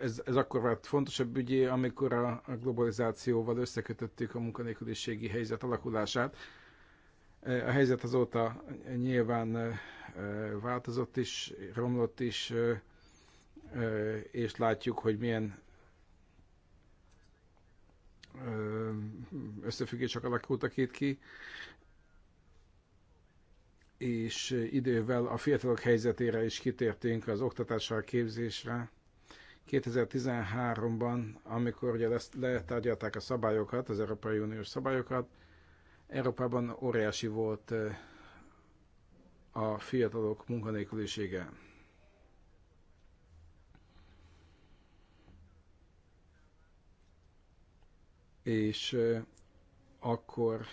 Ez, ez akkor vált fontosabb ügyé, amikor a, a globalizációval összekötöttük a munkanélküliségi helyzet alakulását. A helyzet azóta nyilván változott is, romlott is, és látjuk, hogy milyen összefüggések alakultak itt ki, és idővel a fiatalok helyzetére is kitértünk az oktatással, képzésre. 2013-ban, amikor ugye letárgyalták a szabályokat, az Európai Uniós szabályokat, Európában óriási volt a fiatalok munkanélkülisége. és akkor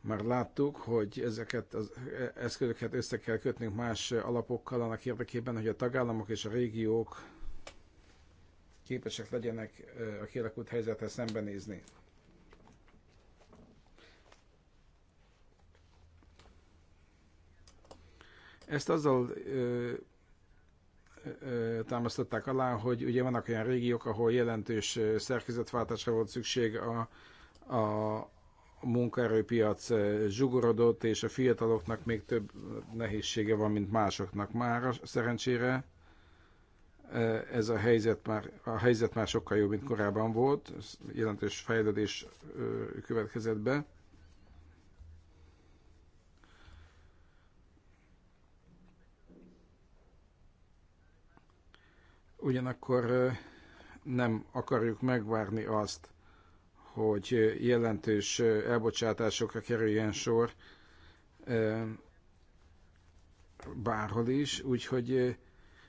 már láttuk, hogy ezeket az e, eszközöket össze kell kötnünk más alapokkal annak érdekében, hogy a tagállamok és a régiók képesek legyenek a kialakult helyzethez szembenézni. Ezt azzal támasztották alá, hogy ugye vannak olyan régiók, ahol jelentős szerkezetváltásra volt szükség a, a munkaerőpiac zsugorodott, és a fiataloknak még több nehézsége van, mint másoknak már szerencsére. Ez a helyzet már, a helyzet már sokkal jobb, mint korábban volt, jelentős fejlődés következett be Ugyanakkor nem akarjuk megvárni azt, hogy jelentős elbocsátásokra kerüljen sor bárhol is, úgyhogy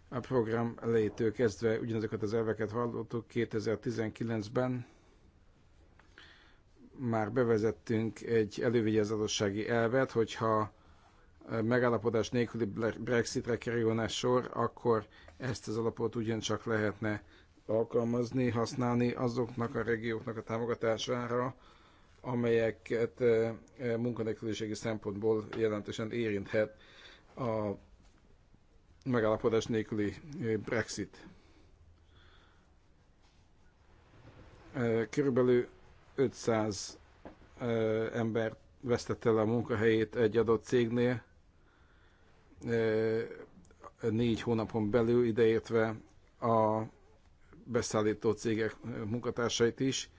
a program elejétől kezdve ugyanazokat az elveket hallottuk 2019-ben, már bevezettünk egy elővigyázatossági elvet, hogyha megállapodás nélküli Brexitre kerülne sor, akkor ezt az alapot ugyancsak lehetne alkalmazni, használni azoknak a regióknak a támogatására, amelyeket munkanélküliségi szempontból jelentősen érinthet a megállapodás nélküli Brexit. Körülbelül 500 ember vesztette el a munkahelyét egy adott cégnél, négy hónapon belül, ideértve a beszállító cégek munkatársait is,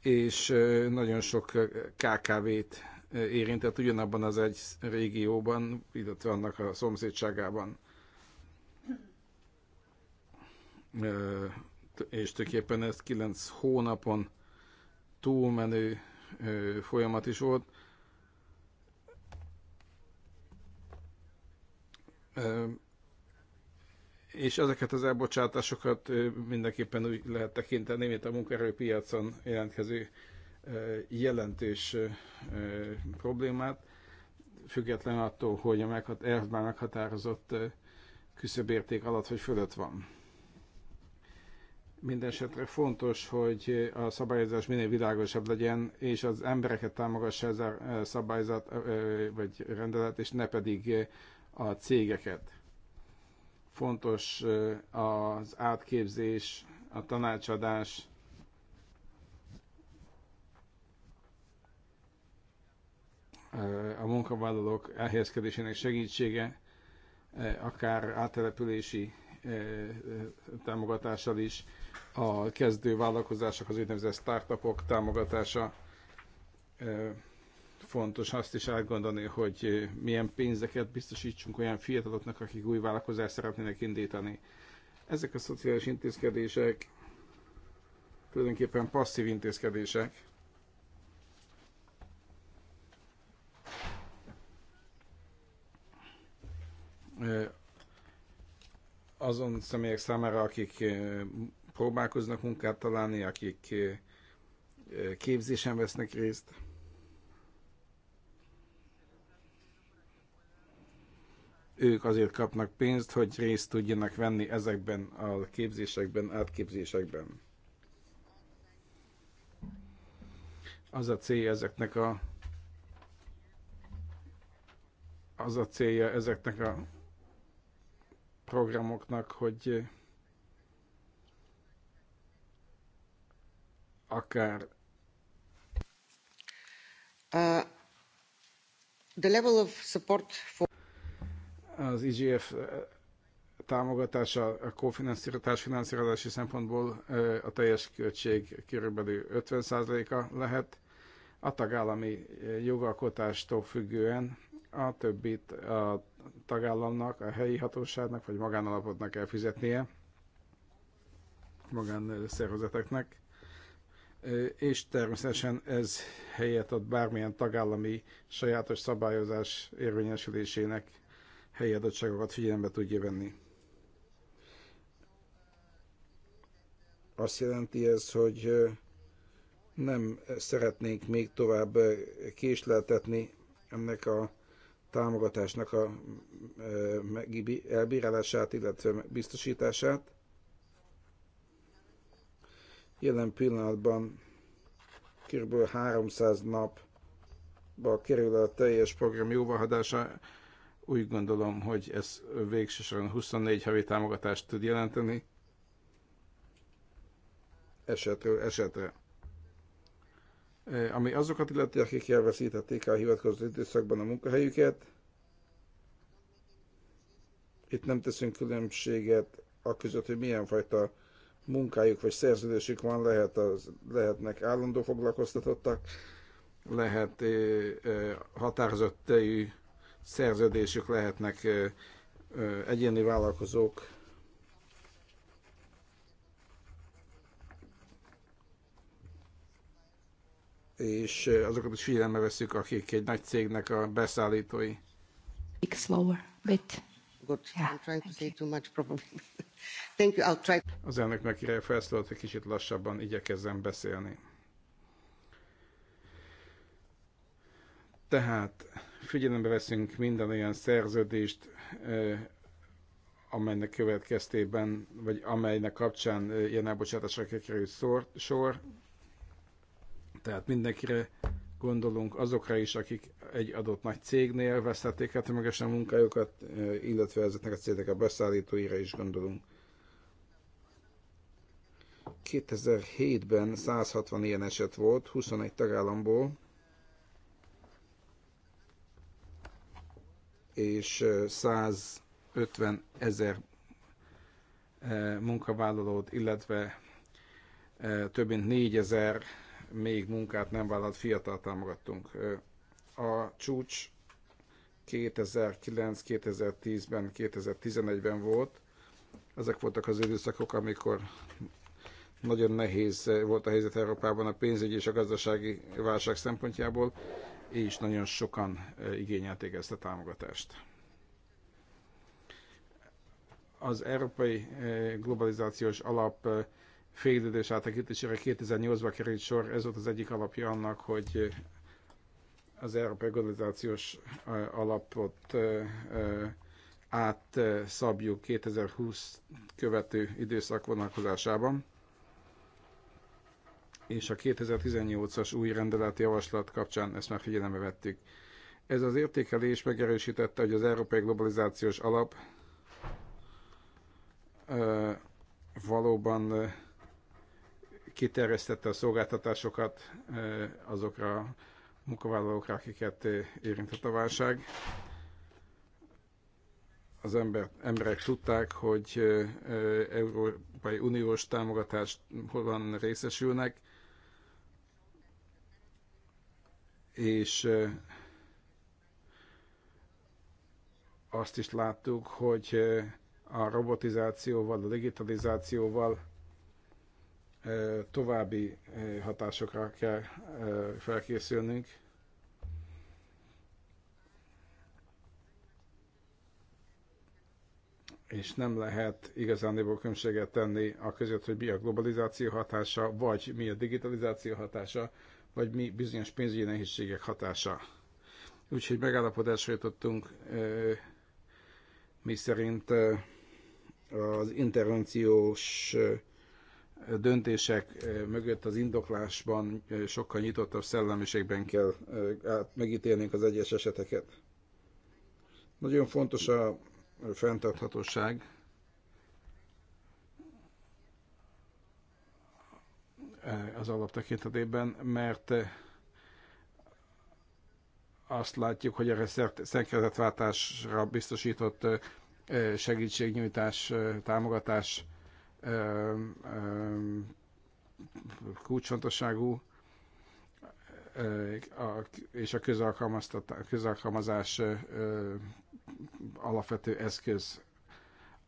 és nagyon sok KKV-t érintett ugyanabban az egy régióban, illetve annak a szomszédságában. És tulajdonképpen ez kilenc hónapon túlmenő folyamat is volt. és ezeket az elbocsátásokat mindenképpen úgy lehet tekinteni, mint a munkaerőpiacon jelentkező jelentős problémát, független attól, hogy a meghat- elvben meghatározott küszöbérték alatt vagy fölött van. Mindenesetre fontos, hogy a szabályozás minél világosabb legyen, és az embereket támogassa ez a szabályzat vagy rendelet, és ne pedig a cégeket. Fontos az átképzés, a tanácsadás, a munkavállalók elhelyezkedésének segítsége, akár áttelepülési támogatással is, a kezdő vállalkozások, az úgynevezett startupok támogatása, fontos azt is átgondolni, hogy eh, milyen pénzeket biztosítsunk olyan fiataloknak, akik új vállalkozást szeretnének indítani. Ezek a szociális intézkedések tulajdonképpen passzív intézkedések. Eh, azon személyek számára, akik eh, próbálkoznak munkát találni, akik képzésen vesznek részt, ők azért kapnak pénzt, hogy részt tudjanak venni ezekben a képzésekben, átképzésekben. Az a célja ezeknek a az a célja ezeknek a programoknak, hogy akár uh, the level of support for az IGF támogatása a kofinanszírozás finanszírozási szempontból a teljes költség körülbelül 50%-a lehet, a tagállami jogalkotástól függően a többit a tagállamnak, a helyi hatóságnak vagy magánalapotnak kell fizetnie, magánszervezeteknek, és természetesen ez helyet ad bármilyen tagállami sajátos szabályozás érvényesülésének helyi adottságokat figyelembe tudja venni. Azt jelenti ez, hogy nem szeretnénk még tovább késleltetni ennek a támogatásnak a elbírálását, illetve biztosítását. Jelen pillanatban kb. 300 napba kerül a teljes program jóváhadása, úgy gondolom, hogy ez végsősorban 24 havi támogatást tud jelenteni esetről esetre. E, ami azokat illeti, akik elveszítették a hivatkozó időszakban a munkahelyüket, itt nem teszünk különbséget a között, hogy milyen fajta munkájuk vagy szerződésük van, lehet az, lehetnek állandó foglalkoztatottak, lehet e, e, határozott tejű szerződésük lehetnek egyéni vállalkozók, és azokat is figyelembe veszük, akik egy nagy cégnek a beszállítói. Az slower, bit. Az elnöknek felszólalt, hogy kicsit lassabban igyekezzen beszélni. Tehát figyelembe veszünk minden olyan szerződést, amelynek következtében, vagy amelynek kapcsán ilyen elbocsátásra kerül sor, tehát mindenkire gondolunk azokra is, akik egy adott nagy cégnél vesztették el tömegesen munkájukat, illetve ezeknek a cégnek a beszállítóira is gondolunk. 2007-ben 160 ilyen eset volt, 21 tagállamból, és 150 ezer munkavállalót, illetve több mint 4 ezer még munkát nem vállalt fiatal támogattunk. A csúcs 2009, 2010-ben, 2011-ben volt. Ezek voltak az időszakok, amikor nagyon nehéz volt a helyzet Európában a pénzügyi és a gazdasági válság szempontjából és nagyon sokan igényelték ezt a támogatást. Az Európai Globalizációs Alap félidős átekítésére 2008-ban került sor, ez volt az egyik alapja annak, hogy az Európai Globalizációs Alapot átszabjuk 2020 követő időszak vonalkozásában és a 2018-as új rendelet javaslat kapcsán ezt már figyelembe vettük. Ez az értékelés megerősítette, hogy az Európai Globalizációs Alap ö, valóban ö, kiterjesztette a szolgáltatásokat ö, azokra a munkavállalókra, akiket érintett a válság. Az ember, emberek tudták, hogy Európai Uniós támogatást van részesülnek, és azt is láttuk, hogy a robotizációval, a digitalizációval további hatásokra kell felkészülnünk. És nem lehet igazán különbséget tenni a között, hogy mi a globalizáció hatása, vagy mi a digitalizáció hatása, vagy mi bizonyos pénzügyi nehézségek hatása. Úgyhogy megállapodásra jutottunk, mi szerint az intervenciós döntések mögött az indoklásban sokkal nyitottabb szellemiségben kell megítélnünk az egyes eseteket. Nagyon fontos a fenntarthatóság Eh, az alaptekintetében, mert eh, azt látjuk, hogy erre szerkezetváltásra biztosított eh, segítségnyújtás, támogatás kulcsfontosságú, és a közalkalmazás alapvető eszköz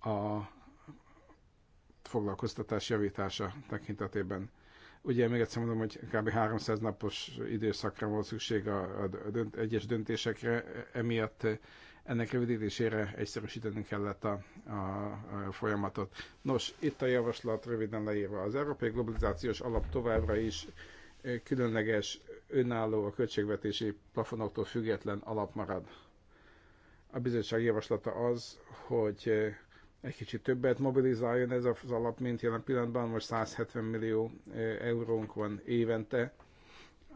a foglalkoztatás javítása tekintetében. Ugye még egyszer mondom, hogy kb. 300 napos időszakra volt szükség a, a dönt, egyes döntésekre, emiatt ennek rövidítésére egyszerűsíteni kellett a, a, a folyamatot. Nos, itt a javaslat röviden leírva. Az Európai Globalizációs Alap továbbra is különleges, önálló, a költségvetési plafonoktól független alap marad. A bizottság javaslata az, hogy egy kicsit többet mobilizáljon ez az alap, mint jelen pillanatban. Most 170 millió e, eurónk van évente,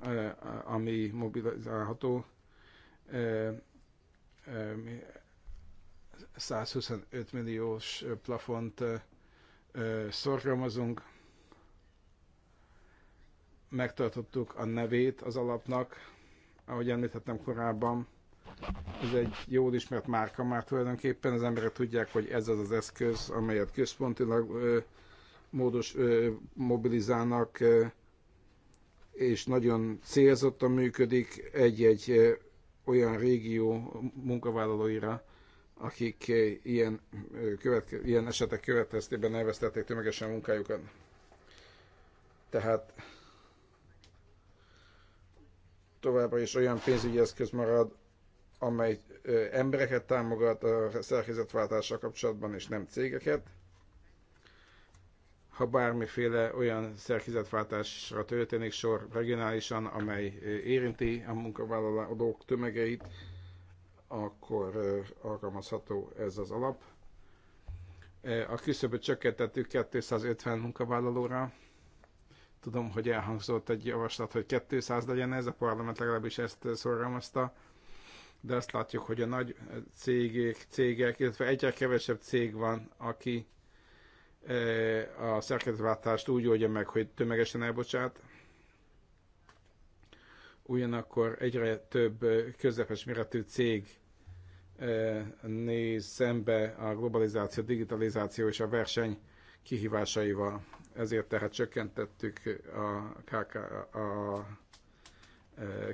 e, ami mobilizálható. 125 e, milliós plafont szorgalmazunk. Megtartottuk a nevét az alapnak, ahogy említettem korábban ez egy jól ismert márka már tulajdonképpen, az emberek tudják, hogy ez az az eszköz, amelyet központilag ö, módos ö, mobilizálnak, ö, és nagyon célzottan működik egy-egy olyan régió munkavállalóira, akik ilyen, követke, ilyen esetek következtében elvesztették tömegesen munkájukat. Tehát továbbra is olyan pénzügyi eszköz marad, amely embereket támogat a szerkezetváltással kapcsolatban, és nem cégeket. Ha bármiféle olyan szerkezetváltásra történik sor regionálisan, amely érinti a munkavállalók tömegeit, akkor alkalmazható ez az alap. A küszöböt csökkentettük 250 munkavállalóra. Tudom, hogy elhangzott egy javaslat, hogy 200 legyen ez, a parlament legalábbis ezt szorgalmazta de azt látjuk, hogy a nagy cégek, cégek illetve egyre kevesebb cég van, aki e, a szerkezetváltást úgy oldja meg, hogy tömegesen elbocsát. Ugyanakkor egyre több e, közepes méretű cég e, néz szembe a globalizáció, digitalizáció és a verseny kihívásaival. Ezért tehát csökkentettük a, KK, a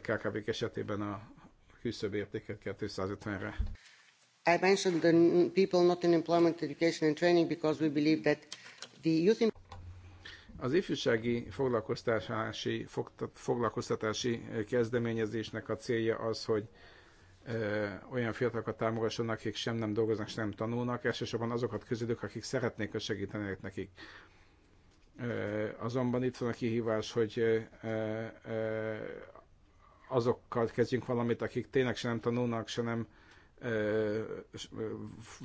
KKV-k esetében a értéket 250-re. I mentioned the people not in employment, education and training because we believe that the youth in... Az ifjúsági foglalkoztatási, foglalkoztatási eh, kezdeményezésnek a célja az, hogy ö, eh, olyan fiatalokat támogasson, akik sem nem dolgoznak, sem nem tanulnak, elsősorban azokat közülük, akik szeretnék, hogy segítenek nekik. Ö, eh, Azonban itt van a kihívás, hogy ö, ö, azokkal kezdjünk valamit, akik tényleg se nem tanulnak, se nem ö,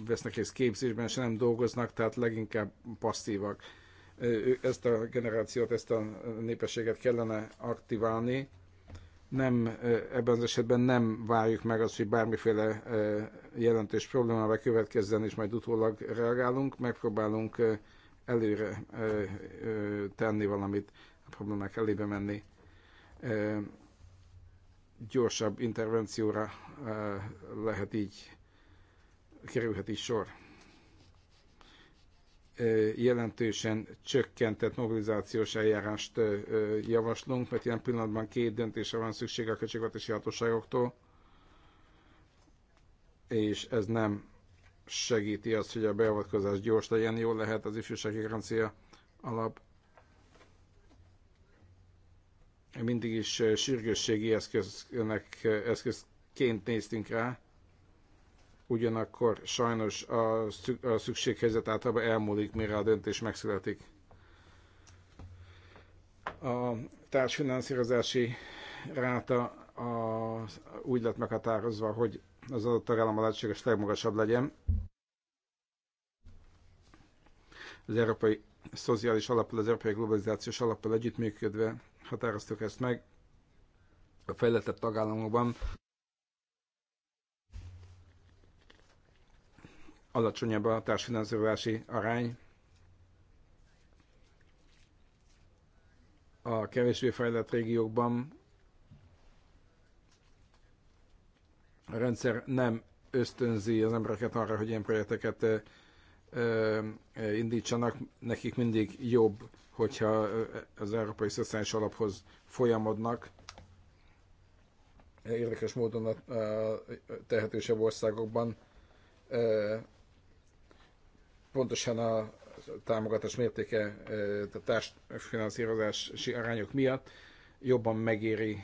vesznek részt képzésben, se nem dolgoznak, tehát leginkább passzívak. Ezt a generációt, ezt a népességet kellene aktiválni. Nem, ebben az esetben nem várjuk meg azt, hogy bármiféle jelentős problémával következzen, és majd utólag reagálunk, megpróbálunk előre tenni valamit, a problémák elébe menni gyorsabb intervencióra eh, lehet így, kerülhet is sor. Eh, jelentősen csökkentett mobilizációs eljárást eh, javaslunk, mert ilyen pillanatban két döntésre van szükség a költségvetési hatóságoktól, és ez nem segíti azt, hogy a beavatkozás gyors legyen, jó lehet az ifjúsági garancia alap mindig is eh, sürgősségi eszköznek, eh, eszközként néztünk rá, ugyanakkor sajnos a, a szükséghelyzet általában elmúlik, mire a döntés megszületik. A társfinanszírozási ráta a, úgy lett meghatározva, hogy az adott tagállam a lehetséges legmagasabb legyen. Az Európai Szociális Alappal, az Európai Globalizációs Alappal együttműködve határoztuk ezt meg a fejlettebb tagállamokban. Alacsonyabb a társfinanszírozási arány, a kevésbé fejlett régiókban a rendszer nem ösztönzi az embereket arra, hogy ilyen projekteket ö, indítsanak, nekik mindig jobb, hogyha az Európai Szociális Alaphoz folyamodnak. Érdekes módon a, tehetősebb országokban pontosan a támogatás mértéke, a társfinanszírozási arányok miatt jobban megéri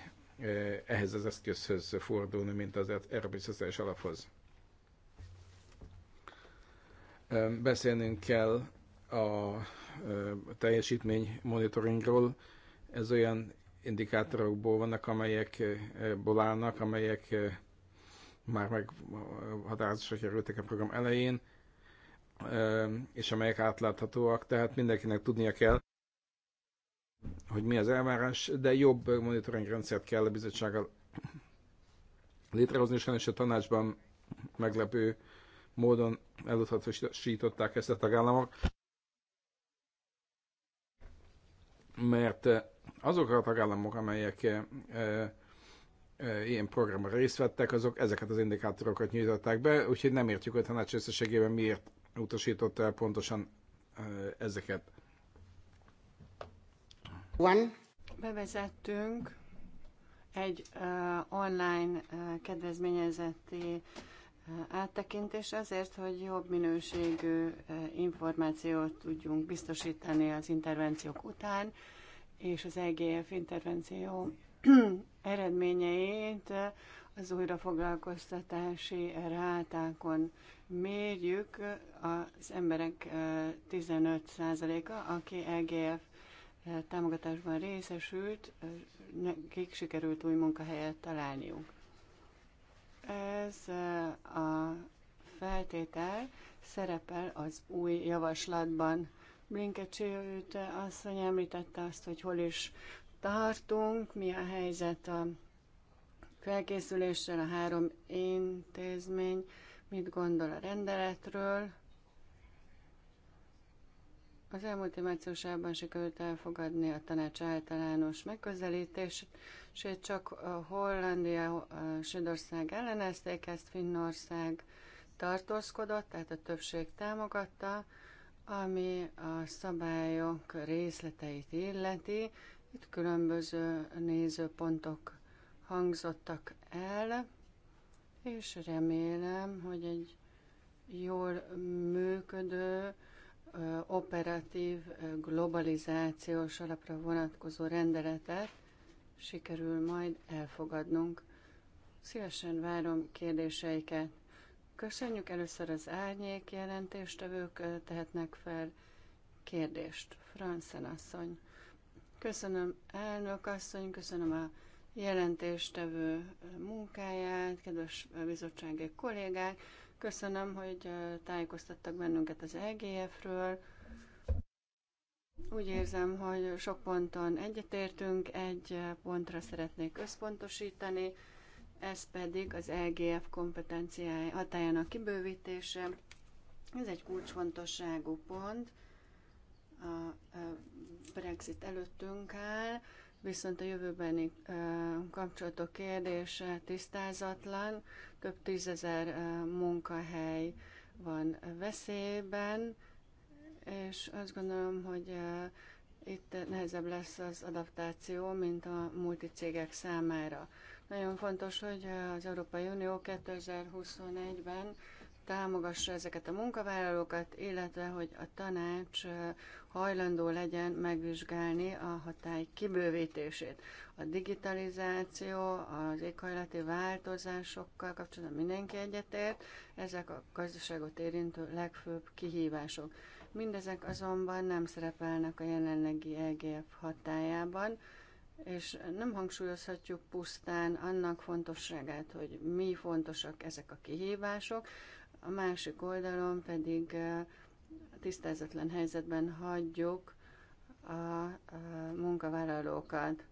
ehhez az eszközhöz fordulni, mint az Európai Szociális Alaphoz. Beszélnünk kell a teljesítmény monitoringról. Ez olyan indikátorokból vannak, amelyek állnak, amelyek már meg határozásra kerültek a program elején, és amelyek átláthatóak, tehát mindenkinek tudnia kell, hogy mi az elvárás, de jobb monitoring rendszert kell a bizottsággal létrehozni, és a tanácsban meglepő módon elutasították ezt a tagállamok. mert eh, azok a tagállamok, amelyek eh, eh, ilyen programra részt vettek, azok ezeket az indikátorokat nyújtották be, úgyhogy nem értjük, hogy a tanács összességében miért utasította el pontosan ezeket. One. Bevezettünk egy uh, online uh, kedvezményezeti áttekintés azért, hogy jobb minőségű eh, információt tudjunk biztosítani az intervenciók után, és az EGF intervenció eredményeit az újrafoglalkoztatási rátákon mérjük az emberek 15%-a, eh, aki EGF eh, támogatásban részesült, nekik sikerült új munkahelyet találniuk. Ez a feltétel szerepel az új javaslatban. Blinke Csillőt asszony említette azt, hogy hol is tartunk, mi a helyzet a felkészüléssel a három intézmény, mit gondol a rendeletről. Az elmúlt márciusában sikerült elfogadni a tanács általános megközelítést, sőt csak Hollandia, Svédország ellenezték ezt, Finnország tartózkodott, tehát a többség támogatta, ami a szabályok részleteit illeti. Itt különböző nézőpontok hangzottak el, és remélem, hogy egy jól működő, operatív, globalizációs alapra vonatkozó rendeletet sikerül majd elfogadnunk. Szívesen várom kérdéseiket. Köszönjük először az árnyék jelentéstevők tehetnek fel kérdést. Franszen asszony. Köszönöm elnök asszony, köszönöm a jelentéstevő munkáját, kedves bizottsági kollégák, köszönöm, hogy tájékoztattak bennünket az EGF-ről, úgy érzem, hogy sok ponton egyetértünk, egy pontra szeretnék összpontosítani, ez pedig az LGF e kompetenciája hatájának kibővítése. Ez egy kulcsfontosságú pont, a Brexit előttünk áll, viszont a jövőbeni kapcsolatok kérdése tisztázatlan, több tízezer munkahely van veszélyben, és azt gondolom, hogy eh, itt nehezebb lesz az adaptáció, mint a multicégek számára. Nagyon fontos, hogy eh, az Európai Unió 2021-ben támogassa ezeket a munkavállalókat, illetve hogy a tanács eh, hajlandó legyen megvizsgálni a hatály kibővítését. A digitalizáció, az éghajlati változásokkal kapcsolatban mindenki egyetért, ezek a gazdaságot érintő legfőbb kihívások. Mindezek azonban nem szerepelnek a jelenlegi EGF hatájában, és nem hangsúlyozhatjuk pusztán annak fontosságát, hogy mi fontosak ezek a kihívások, a másik oldalon pedig eh, tisztázatlan helyzetben hagyjuk a eh, munkavállalókat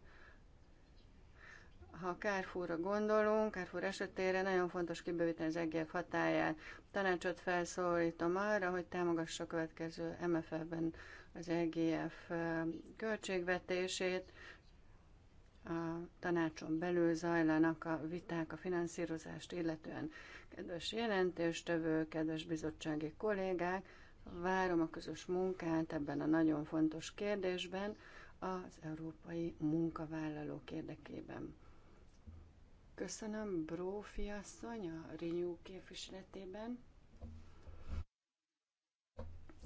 ha Kárfúra gondolunk, Kárfúr esetére nagyon fontos kibővíteni az EGF hatáját. Tanácsot felszólítom arra, hogy támogassa a következő MFF-ben az EGF költségvetését. A tanácson belül zajlanak a viták a finanszírozást illetően. Kedves jelentéstövő, kedves bizottsági kollégák, várom a közös munkát ebben a nagyon fontos kérdésben az európai munkavállalók érdekében. Köszönöm, Brófi asszony, a Renew képviseletében.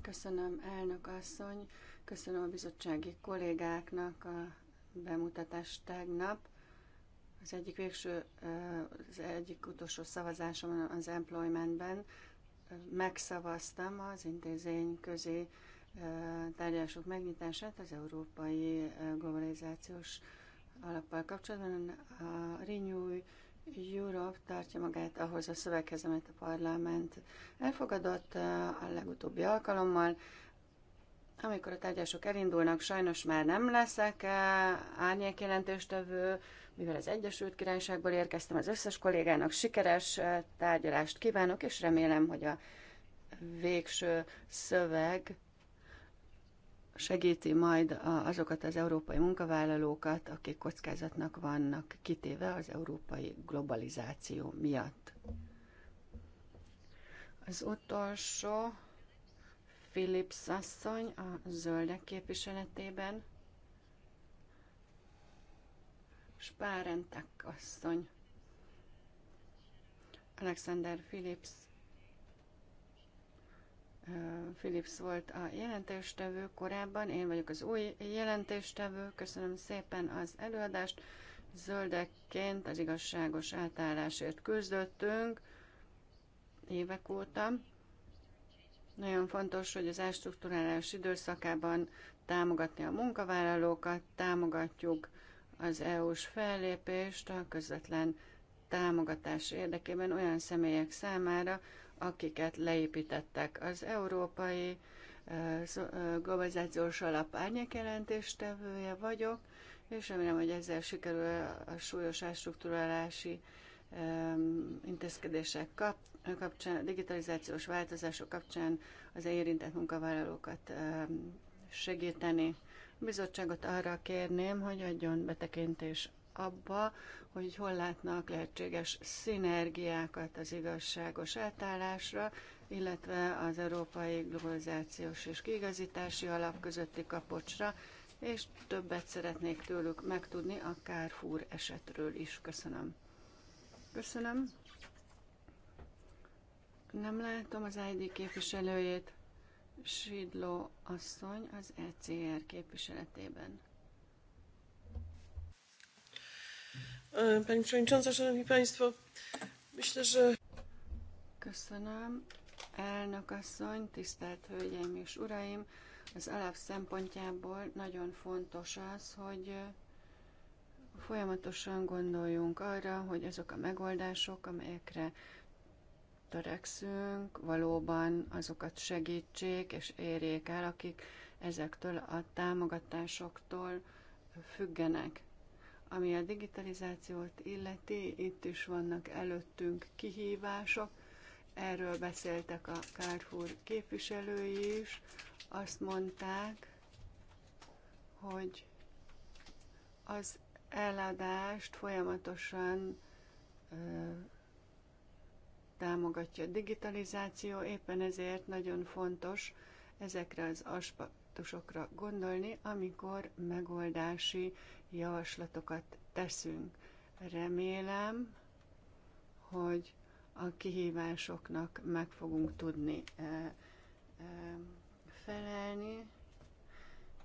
Köszönöm, elnök asszony, köszönöm a bizottsági kollégáknak a bemutatást tegnap. Az egyik végső, az egyik utolsó szavazásom az employmentben megszavaztam az intézény közé tárgyalások megnyitását az európai globalizációs alappal kapcsolatban a Renew Europe tartja magát ahhoz a szöveghez, amit a parlament elfogadott a legutóbbi alkalommal. Amikor a tárgyások elindulnak, sajnos már nem leszek e, jelentéstevő, mivel az Egyesült Királyságból érkeztem, az összes kollégának sikeres e, tárgyalást kívánok, és remélem, hogy a végső szöveg segíti majd azokat az európai munkavállalókat, akik kockázatnak vannak kitéve az európai globalizáció miatt. Az utolsó Philips asszony a zöldek képviseletében, Spárentek asszony, Alexander Philips Philips volt a jelentéstevő korábban, én vagyok az új jelentéstevő, köszönöm szépen az előadást. Zöldekként az igazságos átállásért küzdöttünk évek óta. Nagyon fontos, hogy az elstruktúrálás időszakában támogatni a munkavállalókat, támogatjuk az EU-s fellépést a közvetlen támogatás érdekében olyan személyek számára, akiket leépítettek. Az Európai Globalizációs Alap árnyékjelentéstevője vagyok, és remélem, hogy ezzel sikerül a súlyos ástruktúrálási intézkedések kap, kapcsán, digitalizációs változások kapcsán az érintett munkavállalókat segíteni. A bizottságot arra kérném, hogy adjon betekintés abba, hogy hol látnak lehetséges szinergiákat az igazságos átállásra, illetve az európai globalizációs és kiigazítási alap közötti kapocsra, és többet szeretnék tőlük megtudni a Kárfúr esetről is. Köszönöm. Köszönöm. Nem látom az ID képviselőjét. Sidló asszony az ECR képviseletében. E, pani Przewodnicząca, Szanowni Państwo, myślę, że... Köszönöm. Elnök asszony, tisztelt Hölgyeim és Uraim, az alap szempontjából nagyon fontos az, hogy e, folyamatosan gondoljunk arra, hogy azok a megoldások, amelyekre törekszünk, valóban azokat segítsék és érjék el, akik ezektől a támogatásoktól függenek. Ami a digitalizációt illeti, itt is vannak előttünk kihívások. Erről beszéltek a Carrefour képviselői is. Azt mondták, hogy az eladást folyamatosan ö, támogatja a digitalizáció, éppen ezért nagyon fontos ezekre az aspektusokra gondolni, amikor megoldási javaslatokat teszünk. Remélem, hogy a kihívásoknak meg fogunk tudni eh, eh, felelni,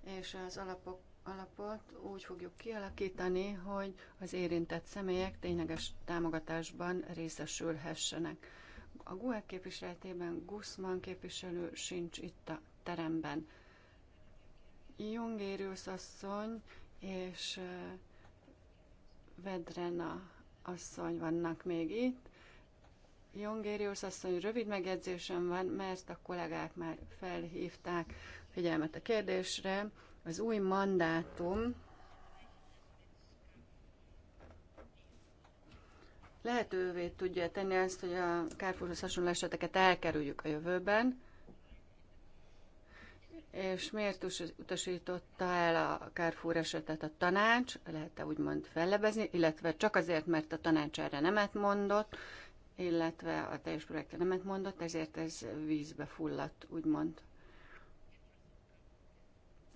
és az alapok, alapot úgy fogjuk kialakítani, hogy az érintett személyek tényleges támogatásban részesülhessenek. A GUE képviseletében Guzman képviselő sincs itt a teremben. Jungérius asszony és Vedrena asszony vannak még itt. Jongérius asszony, rövid megjegyzésem van, mert a kollégák már felhívták figyelmet a kérdésre. Az új mandátum lehetővé tudja tenni azt, hogy a kárpúrhoz hasonló eseteket elkerüljük a jövőben. És miért utasította el a Carrefour esetet a tanács, lehet-e úgymond fellebezni, illetve csak azért, mert a tanács erre nemet mondott, illetve a teljes projektre nemet mondott, ezért ez vízbe fulladt, úgymond.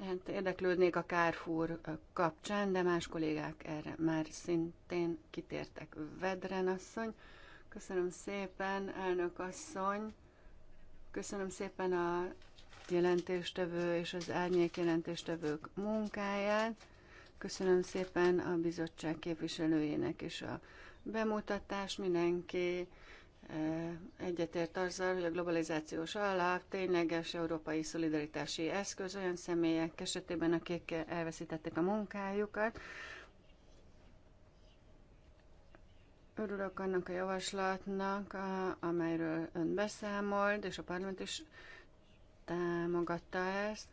Hát érdeklődnék a Carrefour kapcsán, de más kollégák erre már szintén kitértek. Vedren asszony, köszönöm szépen, elnök asszony, köszönöm szépen a jelentéstevő és az árnyék jelentéstevők munkáját. Köszönöm szépen a bizottság képviselőjének is a bemutatás Mindenki eh, egyetért azzal, hogy a globalizációs alap tényleges európai szolidaritási eszköz olyan személyek esetében, akik elveszítették a munkájukat. Örülök annak a javaslatnak, amelyről ön beszámolt, és a parlament is támogatta ezt.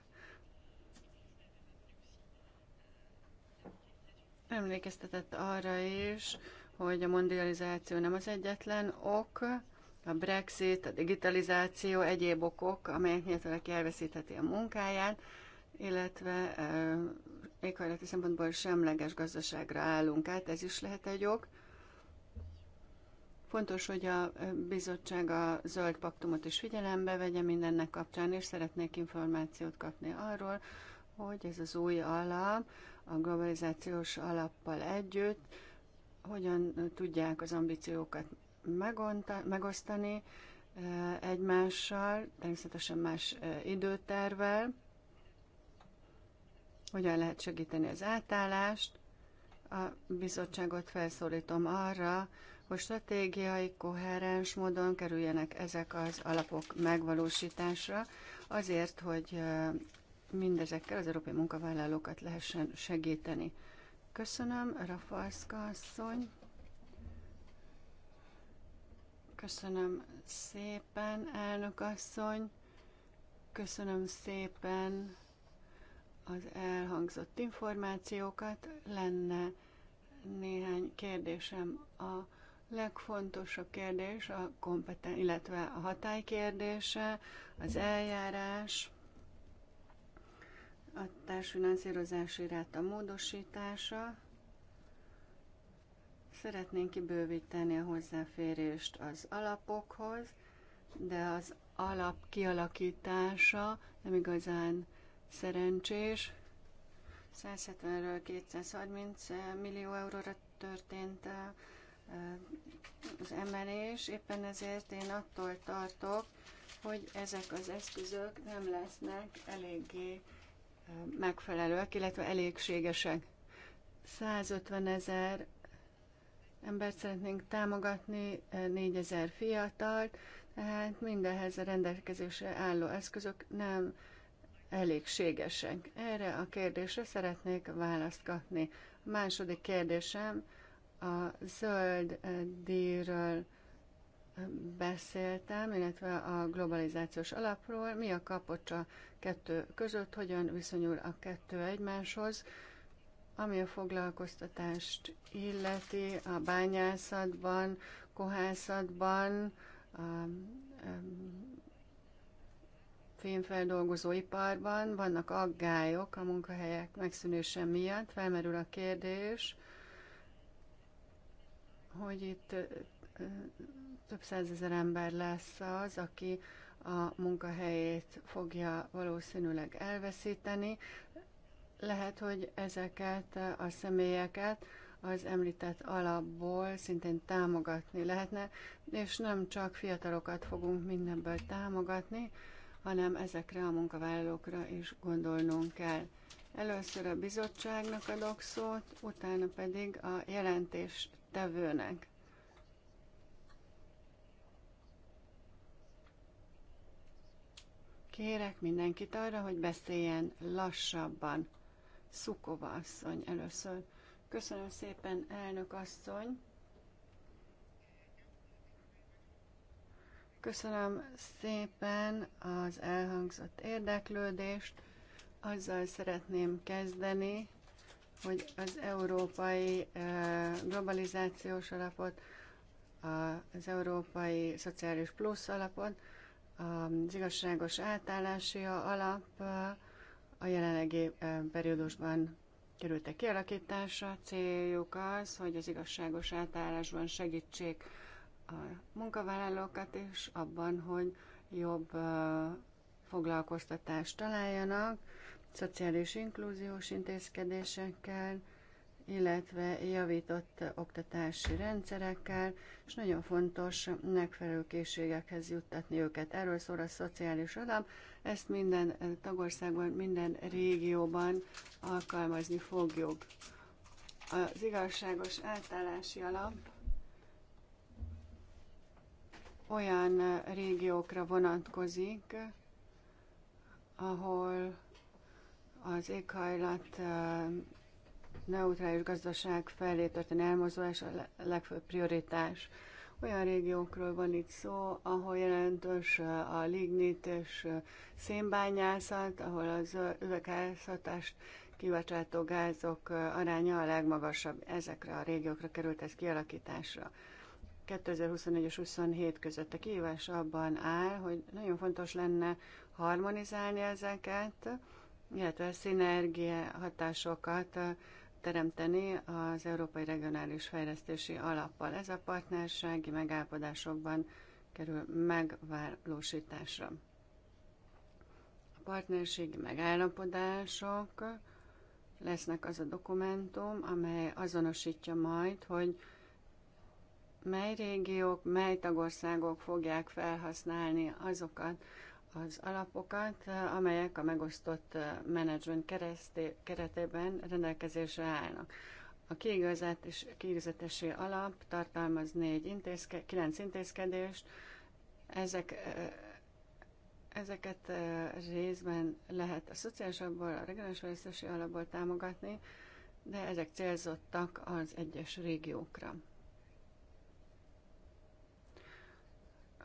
Emlékeztetett arra is, hogy a mondializáció nem az egyetlen ok, a Brexit, a digitalizáció, egyéb okok, amelyek miatt valaki elveszítheti a munkáját, illetve éghajlati szempontból semleges gazdaságra állunk át, ez is lehet egy ok. Fontos, hogy a bizottság a zöld paktumot is figyelembe vegye mindennek kapcsán, és szeretnék információt kapni arról, hogy ez az új alap a globalizációs alappal együtt hogyan tudják az ambíciókat megosztani egymással, természetesen más időtervel, hogyan lehet segíteni az átállást. A bizottságot felszólítom arra, hogy stratégiai, koherens módon kerüljenek ezek az alapok megvalósításra, azért, hogy mindezekkel az európai munkavállalókat lehessen segíteni. Köszönöm, Rafalszka asszony. Köszönöm szépen, elnök asszony. Köszönöm szépen az elhangzott információkat. Lenne néhány kérdésem a legfontosabb kérdés a kompeten, illetve a hatály kérdése, az eljárás, a társfinanszírozási ráta módosítása. Szeretnénk kibővíteni a hozzáférést az alapokhoz, de az alap kialakítása nem igazán szerencsés. 170-ről 230 millió euróra történt a az emelés. Éppen ezért én attól tartok, hogy ezek az eszközök nem lesznek eléggé megfelelőek, illetve elégségesek. 150 ezer embert szeretnénk támogatni, 4 ezer fiatalt, tehát mindenhez a rendelkezésre álló eszközök nem elégségesek. Erre a kérdésre szeretnék választ kapni. A második kérdésem, a zöld díjról beszéltem, illetve a globalizációs alapról, mi a kapocs a kettő között, hogyan viszonyul a kettő egymáshoz, ami a foglalkoztatást illeti a bányászatban, kohászatban, a, a iparban vannak aggályok a munkahelyek megszűnése miatt. Felmerül a kérdés, hogy itt több százezer ember lesz az, aki a munkahelyét fogja valószínűleg elveszíteni. Lehet, hogy ezeket a személyeket az említett alapból szintén támogatni lehetne, és nem csak fiatalokat fogunk mindenből támogatni, hanem ezekre a munkavállalókra is gondolnunk kell. Először a bizottságnak adok szót, utána pedig a jelentés tevőnek. Kérek mindenkit arra, hogy beszéljen lassabban. Szukova asszony először. Köszönöm szépen, elnök asszony. Köszönöm szépen az elhangzott érdeklődést. Azzal szeretném kezdeni, hogy az európai globalizációs alapot, az európai szociális plusz alapot, az igazságos átállási alap a jelenlegi periódusban kerültek kialakításra. Céljuk az, hogy az igazságos átállásban segítsék a munkavállalókat is abban, hogy jobb foglalkoztatást találjanak, szociális inkluziós intézkedésekkel, illetve javított oktatási rendszerekkel, és nagyon fontos megfelelő készségekhez juttatni őket. Erről szól a szociális alap, ezt minden tagországban, minden régióban alkalmazni fogjuk. Az igazságos átállási alap olyan régiókra vonatkozik, ahol az éghajlat neutrális gazdaság felé történő elmozdulás a legfőbb prioritás. Olyan régiókról van itt szó, ahol jelentős a lignit és szénbányászat, ahol az üvegházhatást kivacsátó gázok aránya a legmagasabb. Ezekre a régiókra került ez kialakításra. 2021 és 27 között a kihívás abban áll, hogy nagyon fontos lenne harmonizálni ezeket, illetve a szinergia hatásokat teremteni az Európai Regionális Fejlesztési Alappal. Ez a partnersági megállapodásokban kerül megvalósításra. A partnerségi megállapodások lesznek az a dokumentum, amely azonosítja majd, hogy mely régiók, mely tagországok fogják felhasználni azokat az alapokat, amelyek a megosztott eh, menedzsment keretében rendelkezésre állnak. A kiigazatási alap tartalmaz négy intézke, kilenc intézkedést, ezek, eh, ezeket eh, részben lehet a szociális alapból, a regionális fejlesztési alapból támogatni, de ezek célzottak az egyes régiókra.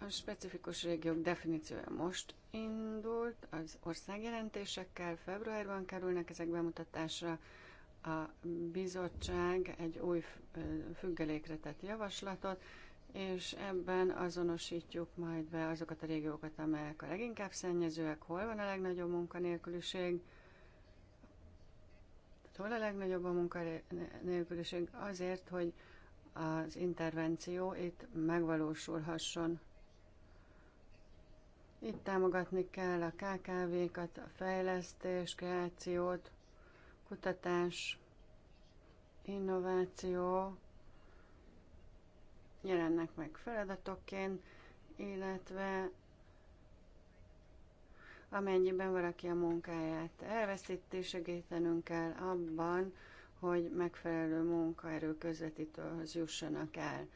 A specifikus régiók definíciója most indult, az országjelentésekkel februárban kerülnek ezek bemutatásra. A bizottság egy új függelékre tett javaslatot, és ebben azonosítjuk majd be azokat a régiókat, amelyek a leginkább szennyezőek, hol van a legnagyobb munkanélküliség, hol a legnagyobb a munkanélküliség, azért, hogy az intervenció itt megvalósulhasson. Itt támogatni kell a KKV-kat, a fejlesztés, kreációt, kutatás, innováció jelennek meg feladatokként, illetve amennyiben valaki a munkáját elveszíti, segítenünk kell abban, hogy megfelelő munkaerő közvetítőhöz jussanak el.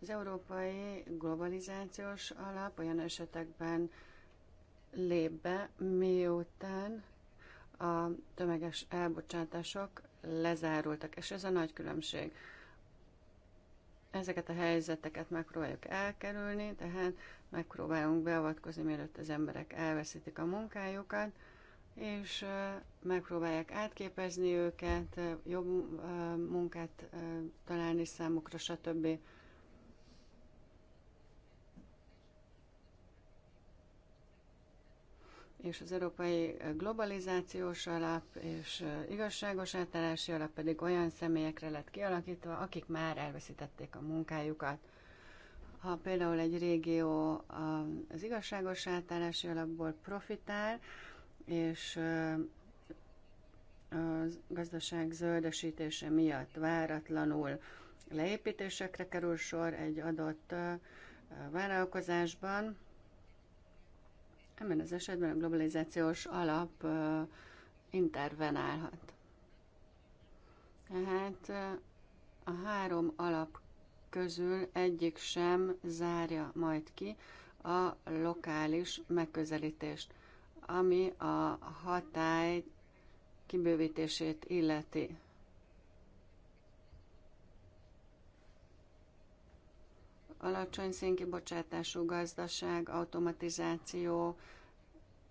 Az európai globalizációs alap olyan esetekben lép be, miután a tömeges elbocsátások lezárultak, és ez a nagy különbség. Ezeket a helyzeteket megpróbáljuk elkerülni, tehát megpróbálunk beavatkozni, mielőtt az emberek elveszítik a munkájukat, és megpróbálják átképezni őket, jobb munkát találni számukra, stb. és az Európai Globalizációs Alap és Igazságos Átállási Alap pedig olyan személyekre lett kialakítva, akik már elveszítették a munkájukat. Ha például egy régió az igazságos átállási alapból profitál, és a gazdaság zöldesítése miatt váratlanul leépítésekre kerül sor egy adott vállalkozásban, Ebben az esetben a globalizációs alap intervenálhat. Tehát a három alap közül egyik sem zárja majd ki a lokális megközelítést, ami a hatály kibővítését illeti. alacsony szénkibocsátású gazdaság, automatizáció,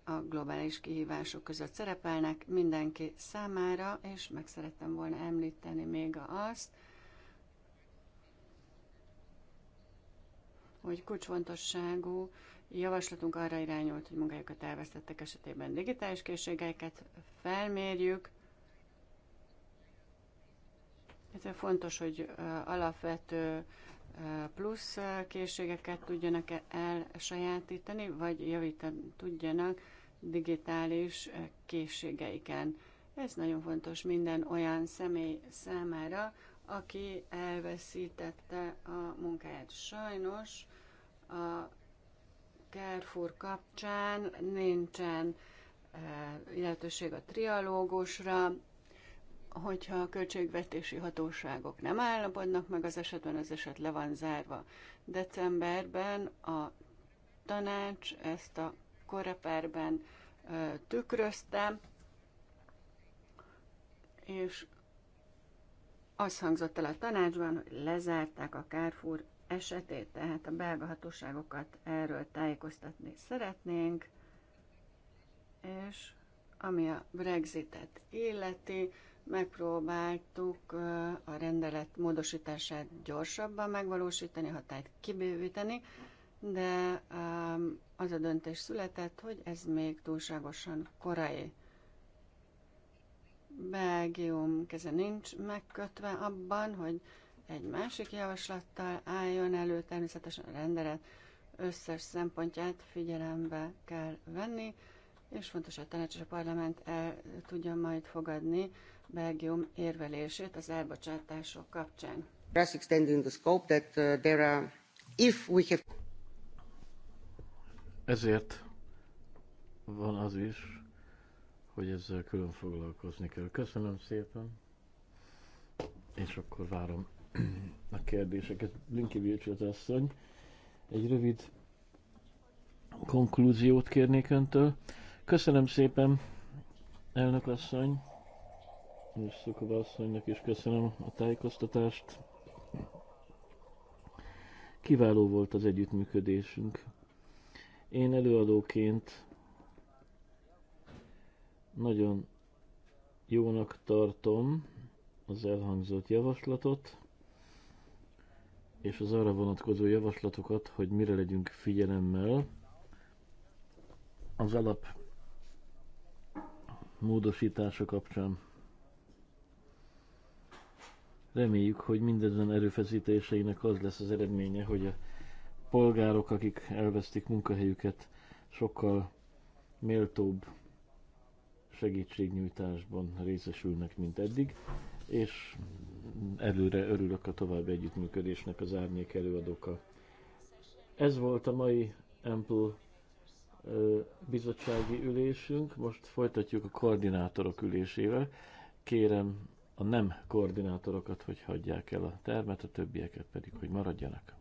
a globális kihívások között szerepelnek mindenki számára, és meg szerettem volna említeni még azt, hogy kulcsfontosságú javaslatunk arra irányult, hogy munkájukat elvesztettek esetében digitális készségeket felmérjük, ez fontos, hogy alapvető plusz készségeket tudjanak -e elsajátítani, vagy javítani tudjanak digitális készségeiken. Ez nagyon fontos minden olyan személy számára, aki elveszítette a munkáját. Sajnos a Carrefour kapcsán nincsen eh, lehetőség a trialógusra, hogyha a költségvetési hatóságok nem állapodnak meg az esetben, az eset le van zárva. Decemberben a tanács ezt a korepárben tükrözte, és az hangzott el a tanácsban, hogy lezárták a Kárfúr esetét, tehát a belga hatóságokat erről tájékoztatni szeretnénk, és ami a Brexitet illeti, Megpróbáltuk a rendelet módosítását gyorsabban megvalósítani, hatályt kibővíteni, de az a döntés született, hogy ez még túlságosan korai. Belgium keze nincs megkötve abban, hogy egy másik javaslattal álljon elő, természetesen a rendelet összes szempontját figyelembe kell venni, és fontos, hogy a tanács és a parlament el tudja majd fogadni Belgium érvelését az elbocsátások kapcsán. the scope that uh, there are, if we have... Ezért van az is, hogy ezzel külön foglalkozni kell. Köszönöm szépen, és akkor várom a kérdéseket. Linki Vilcsot asszony, egy rövid konklúziót kérnék öntől. Köszönöm szépen, elnök asszony. És Szukova asszonynak is köszönöm a tájékoztatást. Kiváló volt az együttműködésünk. Én előadóként nagyon jónak tartom az elhangzott javaslatot, és az arra vonatkozó javaslatokat, hogy mire legyünk figyelemmel az alap módosítása kapcsán. Reméljük, hogy mindezen erőfeszítéseinek az lesz az eredménye, hogy a polgárok, akik elvesztik munkahelyüket, sokkal méltóbb segítségnyújtásban részesülnek, mint eddig, és előre örülök a további együttműködésnek az árnyék előadókkal. Ez volt a mai Ample bizottsági ülésünk, most folytatjuk a koordinátorok ülésével. Kérem a nem koordinátorokat, hogy hagyják el a termet, a többieket pedig, hogy maradjanak.